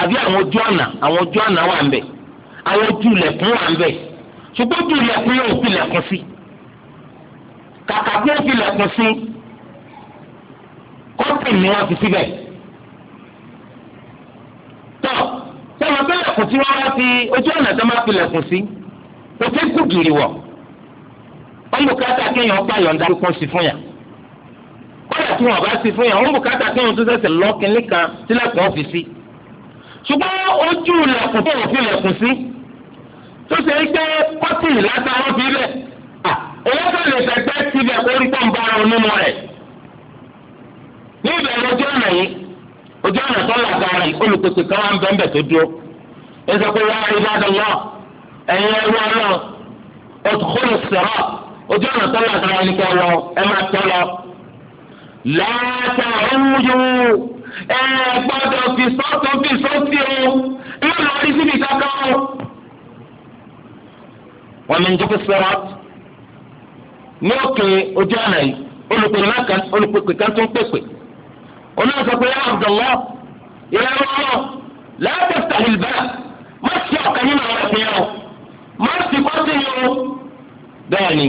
àbí àwọn ojú ọ̀nà àwọn ojú ọ̀nà wà ń bẹ̀ àwọn ojú lẹ̀kùn wà ń bẹ̀ ṣùgbọ́n ojú lẹ̀kùn yóò fi lẹ̀kùn sí kàkà kí fi lẹ̀kùn sí kọ́ńtì ni wọ́n fi síbẹ̀ tọ́ sọ́wọ́n pé lẹ̀kùn tí wọ́n wá fi ojú ọ̀nà tó máa fi lẹ̀kùn sí kò kú gìrì wọ̀ wọn bùkátà kéèyàn gbà yọ̀ǹda kíkún sí fún yà kódà tí wọn bá sí fún yà wọn bùkátà kéèyàn tó sẹsẹ lọkìn nìkan sílẹ̀kùn ọfíìsì ṣùgbọ́n ojú ilẹ̀kùn tó òfin ilẹ̀kùn sí tó ṣe é gbé kọ́tìlì látàwọn fi lẹ̀ òun kò lè fẹ̀gbẹ́ tibẹ̀ orí tó ń bára onínú rẹ̀ ní ìbẹ̀rẹ̀ ojú ọ̀nà yìí ojú ọ̀nà tó là gara yìí olùpèsè kan wà ń tó dúró ojú ọ̀nà tọ́lá àtàwọn ẹni kẹ́ lọ ẹ máa tọ́ lọ. látàrúyù ẹ gbọ́dọ̀ fi sọ́tún fi sọ́tún o ẹ lọ rí síbi kankan o. wọ́n mi ń jókòó sọ́rọ́ ní òkè ojú ọ̀nà yìí olùpèpè náà olùpèpè kan tó pèpè. onáà sọ pé ìyá ọlọ́ látàtà ìlbà má ti ọ̀kan nínú àwọn ẹ̀sìn yẹn má ti kọ́ sí yẹn o. bẹ́ẹ̀ ni.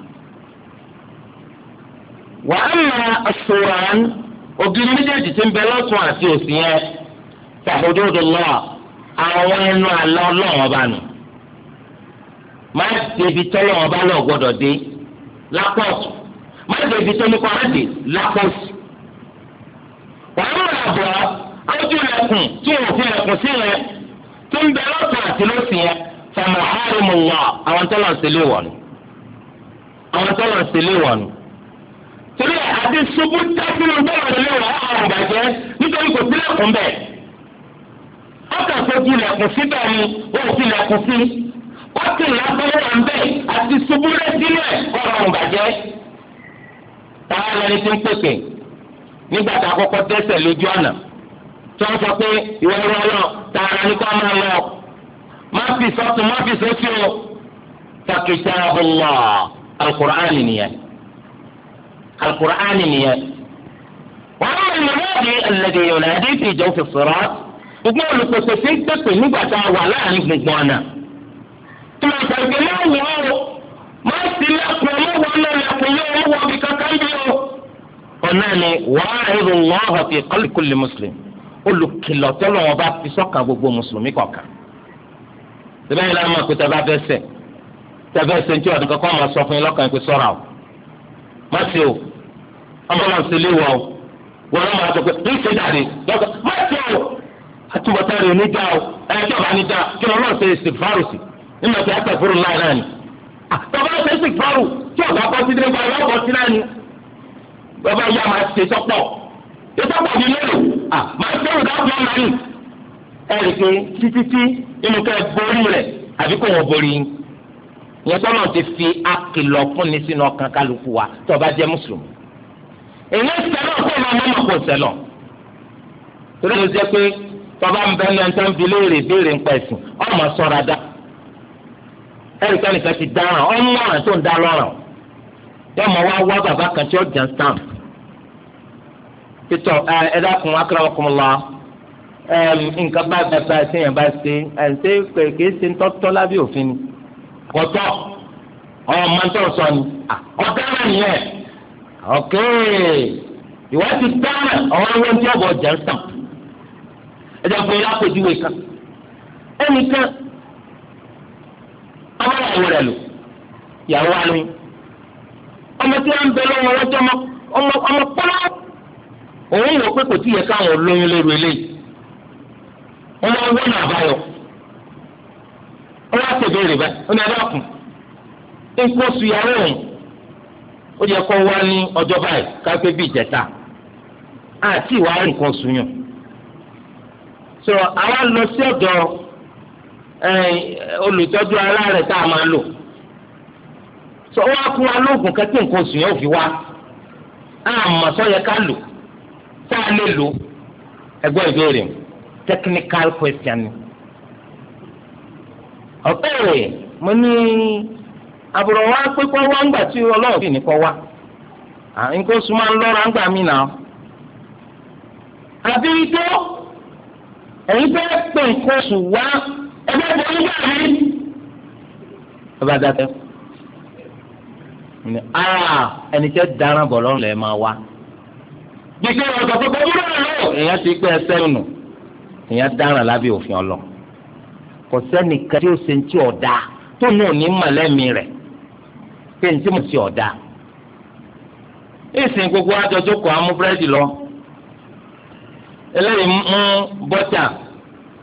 wà á mọ asòrán ògiri méjèèjì ti ń bẹ lọ́sùn àti òsì yẹn tàbódòdò lọ àwọn ẹnu àlọ́ ọlọ́wọ́n bá nù má débi tọ́lọ́wọ́n bá lọ gbọ́dọ̀ dé lápọ̀tù má débi tó nípa dé lápọ̀tù wà á mọ àbọ̀ ojú ẹkùn tí òfin ẹkùn sí yẹn tó ń bẹ àti lọ́sì yẹn àárẹ̀ mọ̀ àwọn tọ́lọ̀ ń wọ̀nù àwọn tọ́lọ̀ ń torí àti ṣubú dábìlì bọ́ọ̀lù lè wà àrùn bàjẹ́ nítorí kò sílẹ̀ kún bẹ́ẹ̀. ọkà tó tilẹ̀kùn síbẹ̀ ni wọ́n tilẹ̀kùn sí. kọ́tì lábẹ́rẹ́ wà ń bẹ̀ àti ṣubú rẹ̀ sílẹ̀ ọ̀rùn bàjẹ́. táwọn ẹni tí ń pèsè nígbà tá a kọ́kọ́ dẹ́sẹ̀ lójú ọ̀nà tí wọ́n sọ pé ìwọ ìwọ tààrà ní kó máa lọ má fi القرآن نيا، وأما المنادي الذي ينادي في جوف الصراط يقول القسطين تقل نبتا ولا نبتا ثم تقلوا ما استلقوا ولا يقولوا هو بكتنبه قلنا واعظ الله في قلب كل مسلم olùkìlọ̀ tọ́lọ̀ wọn bá fi sọ́kàn gbogbo mùsùlùmí kọ̀ọ̀kan. síbẹ̀ yìí láwọn ọ̀pẹ tẹ́lá fẹ́ sẹ̀ tẹ́lá fẹ́ sẹ̀ ní tí ọ̀dùn kankan máa sọ fún yín lọ́kàn yín pé sọ́ra o má ṣe o ọmọ náà ṣe léwọ o wọn náà máa sọ pé ní ìṣe dàrí lọ́sọ̀ má ṣe o àtúbọ̀tá rẹ̀ ní dá o ẹjọ́ bá ní dá kí wọn náà ṣe ìsìnfàrù sí nínú ọ̀sẹ̀ àtàkùrù náà náà ni. tọ́ba ṣe ìsìnfàrù tí ọ̀gá bọ́ sí dẹ́gbà lọ́bọ̀ sí náà ni bàbá yá máa ṣe sọ́pọ̀ ìsọ́pọ̀ mi lérò máa ṣe ìdáàbò náà ni. ẹ ti fi àkìlọ̀ fúnni sínú ọkàn kálukú wa tọ́ba jẹ́ mùsùlùmí èyí sẹlọ kó máa mọ ọkọ sẹlọ torí ló jẹ pé tọba ń bẹ ní ẹntẹ ń fi léèrè béèrè ńpa ẹsìn ọmọ sọra dá ẹnìkan nìkan ti dáràn ọmọ ọràn tó ń dá lọràn yóò mọ wá wá bàbá kan tí ó jẹ stamp títọ ẹ dákun nǹkan bá bàbá ẹsẹ yẹn bá ṣe ẹsẹ kèké ṣe ń tọ́tọ́ lábẹ́ òfin ni kọ́tọ́ ọmọ sọ ni ọ̀gá rẹ̀ ọ̀kẹ́ ìwádìí dáná àwọn ẹgbẹ́ tí ọ̀bọ̀ jẹ́ ń tàn ẹ̀jẹ̀ fún yín lápèjúwe kan ẹnìkan ọmọ ìyàwó rẹ̀ lò ìyàwó alóyún ọmọ tí wọ́n ń bẹ lọ́wọ́ ọlọ́jọ́ ọmọ pọ́lọ́ òun wò pé kò tí yẹ káwọn olóyún lérò eléyìí wọ́n máa ń wọ́n náà báyọ̀ wọ́n wá pèbèrè báyìí wọ́n ní ẹ̀rọ ọkùn nǹkan oṣù ìyàwó òun ó yẹ kó wá ní ọjọ́ báyìí kápé bíi ìjẹta àti ìwà nǹkan sunyàn so àwa lọ sí ọ̀dọ̀ olùtọ́jú ara rẹ̀ tá a máa lò so wọ́n á kún wa lóògùn kẹ́tí nǹkan sunyàn ò fi wá àmọ́ sọ́yẹ ká lò tá a lè lò ẹgbẹ́ ìbéèrè technical question ọ̀pẹ̀rẹ̀ mo ní. àbùrọ̀ wa pé kọ́ wá ńgbà tí ọlọ́run ma ní ra wá nǹkan oṣù máa ń lọ́ra ńgbà mí nà. àbí tó ẹ̀yin fẹ́ pè nǹkan oṣù wá ẹgbẹ́ bọ̀ nígbà mí. ọba dàtẹ́ ẹni tẹ́ dáràn bọ̀ lọ́rùn lẹ́ẹ̀ máa wá. gbèsè ọ̀dọ̀ tó èèyàn ti pẹ́ ẹsẹ́ nù èèyàn lábẹ́ òfin ọlọ kò sẹ́nìkan tí ó ń tí tó ní mọ̀lẹ́mí rẹ̀ pé ní tí mo ti ọ̀dà ìsìn gbogbo àjọjọ amú búrẹ́dì lọ eléyìí mú bọ́tà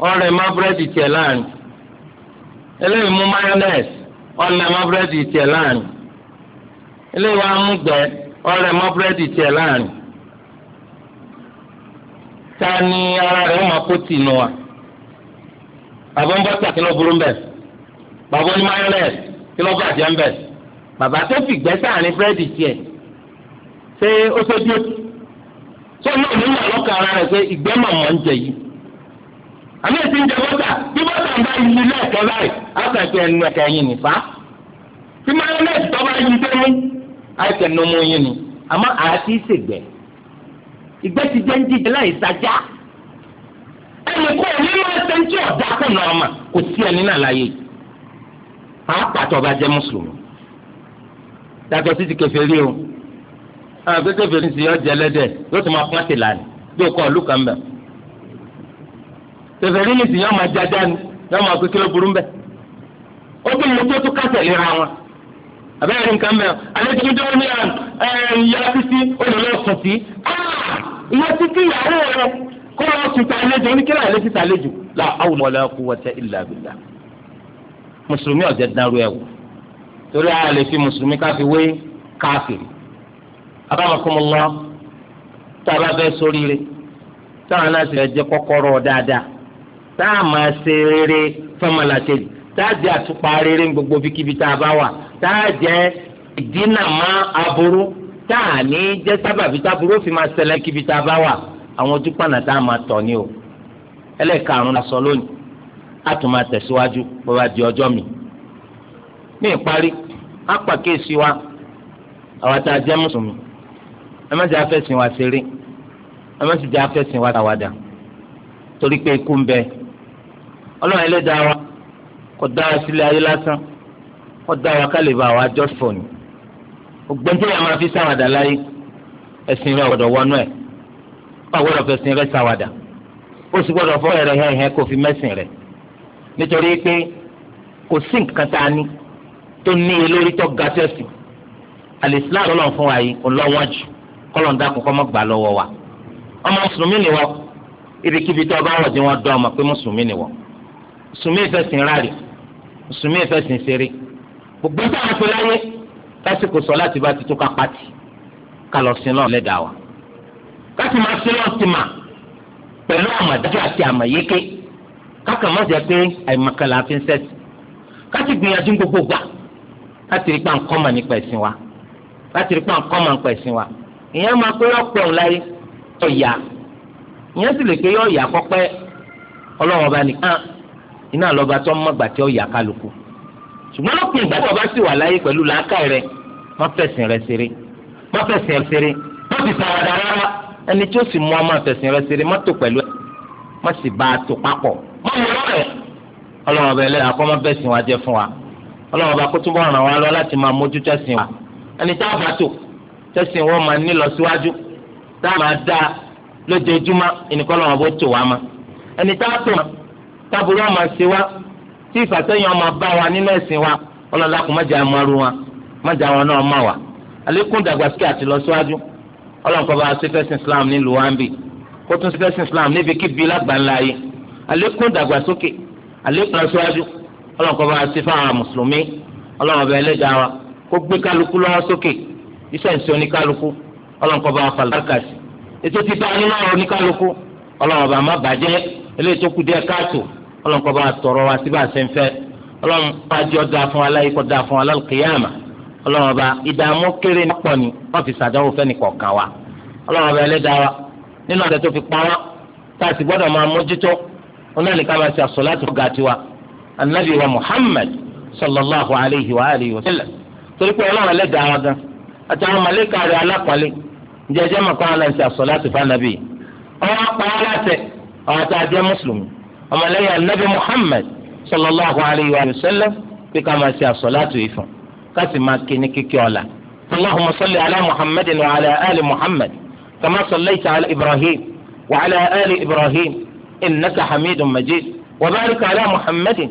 ọ̀rẹ́ má búrẹ́dì tiẹ̀ láàrin eléyìí mú mayonnaise ọ̀rẹ́ má búrẹ́dì tiẹ̀ láàrin eléyìí wá mú gbẹ ọ̀rẹ́ má búrẹ́dì tiẹ̀ láàrin ta ni ara rẹ̀ máa kó tì nù wa bọ́tà burú bàbá mayonnaise bàbá tó fi gbẹ́ sáàrin búrẹ́dì tiẹ̀ ṣé ó ṣe bí ó tó náà ní ìyá ọlọ́kà ara rẹ̀ pé ìgbẹ́ màmá ń jẹ yìí àmì ìsìn jẹ bọ́tà bí bọ́tà ń bá yí ilé ẹ̀kẹ́ báyìí àkàkẹ́ ẹnu ẹ̀kẹ́ yìí nìfà tí mayonnaise tó bá yí dé mú àìkẹ́ ẹnu mú yín ni àmọ́ àti ìṣègbè ìgbẹ́ ti jẹ́ ń jíjẹ láì sájà ẹnì kó ní máa ṣe ń tí ọ̀dà kùnà ọmọ kò sí ẹni náà láyé pàápàá tó bá jẹ́ mùsùlùmí yàtọ̀ sí ti kèfèrí o àwọn pé kèfèrí sì yọ jẹ lẹ́dẹ̀ yóò tún máa pọ́n ti lànà bí o kọ́ ọ̀lú kan bẹ̀. kèfèrí ni sì yọ máa jájá ni yọ máa pé kí ló burú bẹ̀. ó bí mo tó tún kásẹ̀ lera wọn àbẹ́rẹ́ nǹkan mẹ́rin àlejò tó ní ìyá títí olùlọ́sùn sí ìyá títí ìyàwó rẹ kó lọ sùn tà àlejò oníkẹ́lẹ́ àlejò tà àlejò la hawla wala quwwata illa billah mùsùlùmí ọ̀jẹ̀ dánrú ẹ̀ wò torí a lè fi mùsùlùmí káfi wé káfìrí abámakọ́mọlá tá a bá fẹ́ sóríire táwọn náà sì lè jẹ́ kọ́kọ́rọ́ dáadáa tá a máa ṣe rere fẹ́mọ̀làkejì tá a jẹ́ àtúpa rere ní gbogbo bíkíbi tá a bá wà tá a jẹ́ ìdínàmọ́ aburú tá a ní jẹ́ sábàbí táburú ó fi máa ṣẹlẹ̀ kíbi tá a bá wà àwọn ojú pànà tá a máa tọ̀ ni o ẹlẹ́ẹ̀karùn-ún la sọ lónìí a tún máa tẹ̀síwájú bó bá di ọjọ́ mi ní ìparí á pàkíyèsí wa àwọn àti àjẹ́ mùsùlùmí ẹ má jẹ́ afẹ́sìn wa ṣeré ẹ má sì jẹ́ afẹ́sìn wa tàwádà torí pé ikú ń bẹ ọlọ́run ẹlẹ́dàá wa kò dá wa sílé ayé lásán kò dá wa ká lè bá wa jọ́ fọ̀nì ògbẹ́njẹ́ yà máa fi sáwàdà láyé ẹ̀sìn rẹ̀ ọ̀dọ̀ wọnú ẹ̀ wọ́n gbọ́dọ̀ fẹ̀sìn rẹ̀ sáwàdà ó sì gbọ́dọ̀ fọ́ ẹ̀rẹ̀ hẹ́hẹ́ kó fi mẹ́sìn rẹ̀ nítorí pé kò sí nǹkan tá a ní tó níye lórí tó ga sẹ́sì alìsílá lọ́lọ́run fún wa yìí ọlọ́wọ́n jù kọ́lọ́n dákun kọ́ mọ́ gbà lọ́wọ́ wa ọmọ mùsùlùmí ni wọ́n ibikíbi tó bá wọ̀ tí wọ́n dán ọmọ pé mùsùlùmí ni wọ́n mùsùlùmí ìfẹsìn ráàlì mùsùlùmí ìfẹsìn ṣeré gbogbo táwọn fi láyé lásìkò sọ láti bá ti tó ká pàtì ká lọ sí náà lẹ́dàá wa láti máa sí náà ti mà pẹ̀lú àmàdájọ́ àti àmàyéké kákan má jẹ́ pé àìmọ̀kànlá fi ń sẹ́sì ká gbìyànjú gbogbo gbà láti rí pa nǹkan mọ̀ nípa ẹ̀sìn wa láti rí pa nǹkan mọ̀ nípa ẹ̀sìn wa ìyẹn máa pé ọ̀pẹ̀ òun láyé ọ̀yà ìyẹn sì lè pé ọ̀yà kọ́pẹ́ ọlọ́run ọba nìkan iná lọ́ba tó ń mọ̀gbà tí ọ̀yà kálukú ṣùgbọ́n lọ́pọ̀ ìgbà tó bá sì wà láyé pẹ̀lú làákàyè rẹ má fẹ̀sìn rẹ ṣeré má fẹ̀sìn rẹ ṣeré má fi sàwádà rárá ẹni tí ó sì mú ọmọ fẹ̀sìn rẹ ṣeré má tó pẹ̀lú ẹ má sì bá a tó papọ̀ má mú lọ́rẹ̀ ọlọ́run ọba ẹlẹ́yà kọ́ má fẹ̀sìn wa jẹ́ fún wa ọlọ́run ọba kó túbọ̀ ràn wá lọ láti máa mójú tẹ̀sìn wa ẹni tá a bá tò tẹ̀sìn wọn máa ní lọ síwájú tá a máa dá lójoojúmọ́ ìnìkan ọlọ́run ọba ó tò wá ma ẹni tá a tò ma tábùrú ọmọ sí wa tí ìfàsẹ́yìn ọmọ bá wa nínú ẹ̀sìn wa ọlọ́run lákùn má jẹ́ wa má jẹ́ náà má wa àlékún dàgbàsókè àti lọ síwájú ọlọ́run bá Islam nílùú wa ń bì kó tún sí fẹ́sìn Islam níbi ọlọ́run kọ́ bá sí fáwọn mùsùlùmí ọlọ́run ọba ẹlẹ́dàá wa kó gbé kálukú lọ́wọ́ sókè iṣẹ́ ìṣe oníkálukú ọlọ́run kọ́ bá wa fàlùkà sí ètò títà nínú ọ̀rọ̀ oníkálukú ọlọ́run ọba má bàjẹ́ eléyìí tó kù díẹ̀ káàtó ọlọ́run kọ́ bá wa tọrọ wa síbà sẹ́ńfẹ́ ọlọ́run bá jọ da fún wa láyé kọ́ da a sì gbọ́dọ̀ máa mójútó onáàlì ká máa ṣe àsọ̀láàtì fún gàtí wa anabi wa muhammad sallallahu alayhi wa alayhi wa sallam torí pé ọlọ́run ẹlẹ́dàá wa gan àtàwọn màlẹ́kà rẹ̀ alápàlẹ́ jẹjẹ́ mọ̀kọ́ aláǹsẹ̀ àsọ̀láṣẹ̀ fànàbí ọwọ́ apàwọ́ láṣẹ ọ̀rọ̀ tá a jẹ́ mùsùlùmí ọmọlẹ́yìn anabi muhammad sallallahu alayhi wa sallam pé ká máa ṣe àsọ̀láṣẹ̀ ìfọ̀n ká sì máa ké ní kíkí ọ̀la allahumma salli ala muhammadin wa ala ali muhammad kama sallaita ala ibrahim wa ala ali ibrahim innaka hamidun majid wa barik ala muhammadin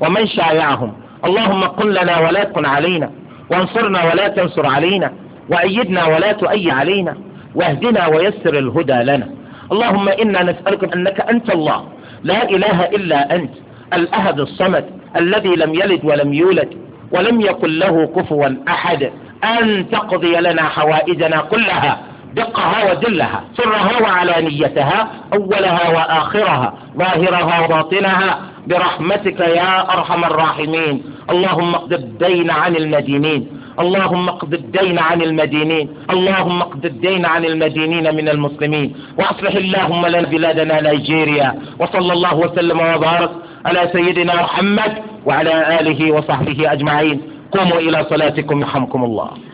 ومن شايعهم اللهم قل لنا ولا تكن علينا وانصرنا ولا تنصر علينا وأيدنا ولا تؤيد علينا واهدنا ويسر الهدى لنا اللهم إنا نسألك أنك أنت الله لا إله إلا أنت الأحد الصمد الذي لم يلد ولم يولد ولم يكن له كفوا أحد أن تقضي لنا حوائجنا كلها دقها وجلها سرها وعلانيتها أولها وآخرها ظاهرها وباطنها برحمتك يا أرحم الراحمين اللهم اقض الدين عن المدينين اللهم اقض الدين عن المدينين اللهم اقض الدين عن المدينين من المسلمين واصلح اللهم لنا بلادنا نيجيريا وصلى الله وسلم وبارك على سيدنا محمد وعلى آله وصحبه أجمعين قوموا إلى صلاتكم يرحمكم الله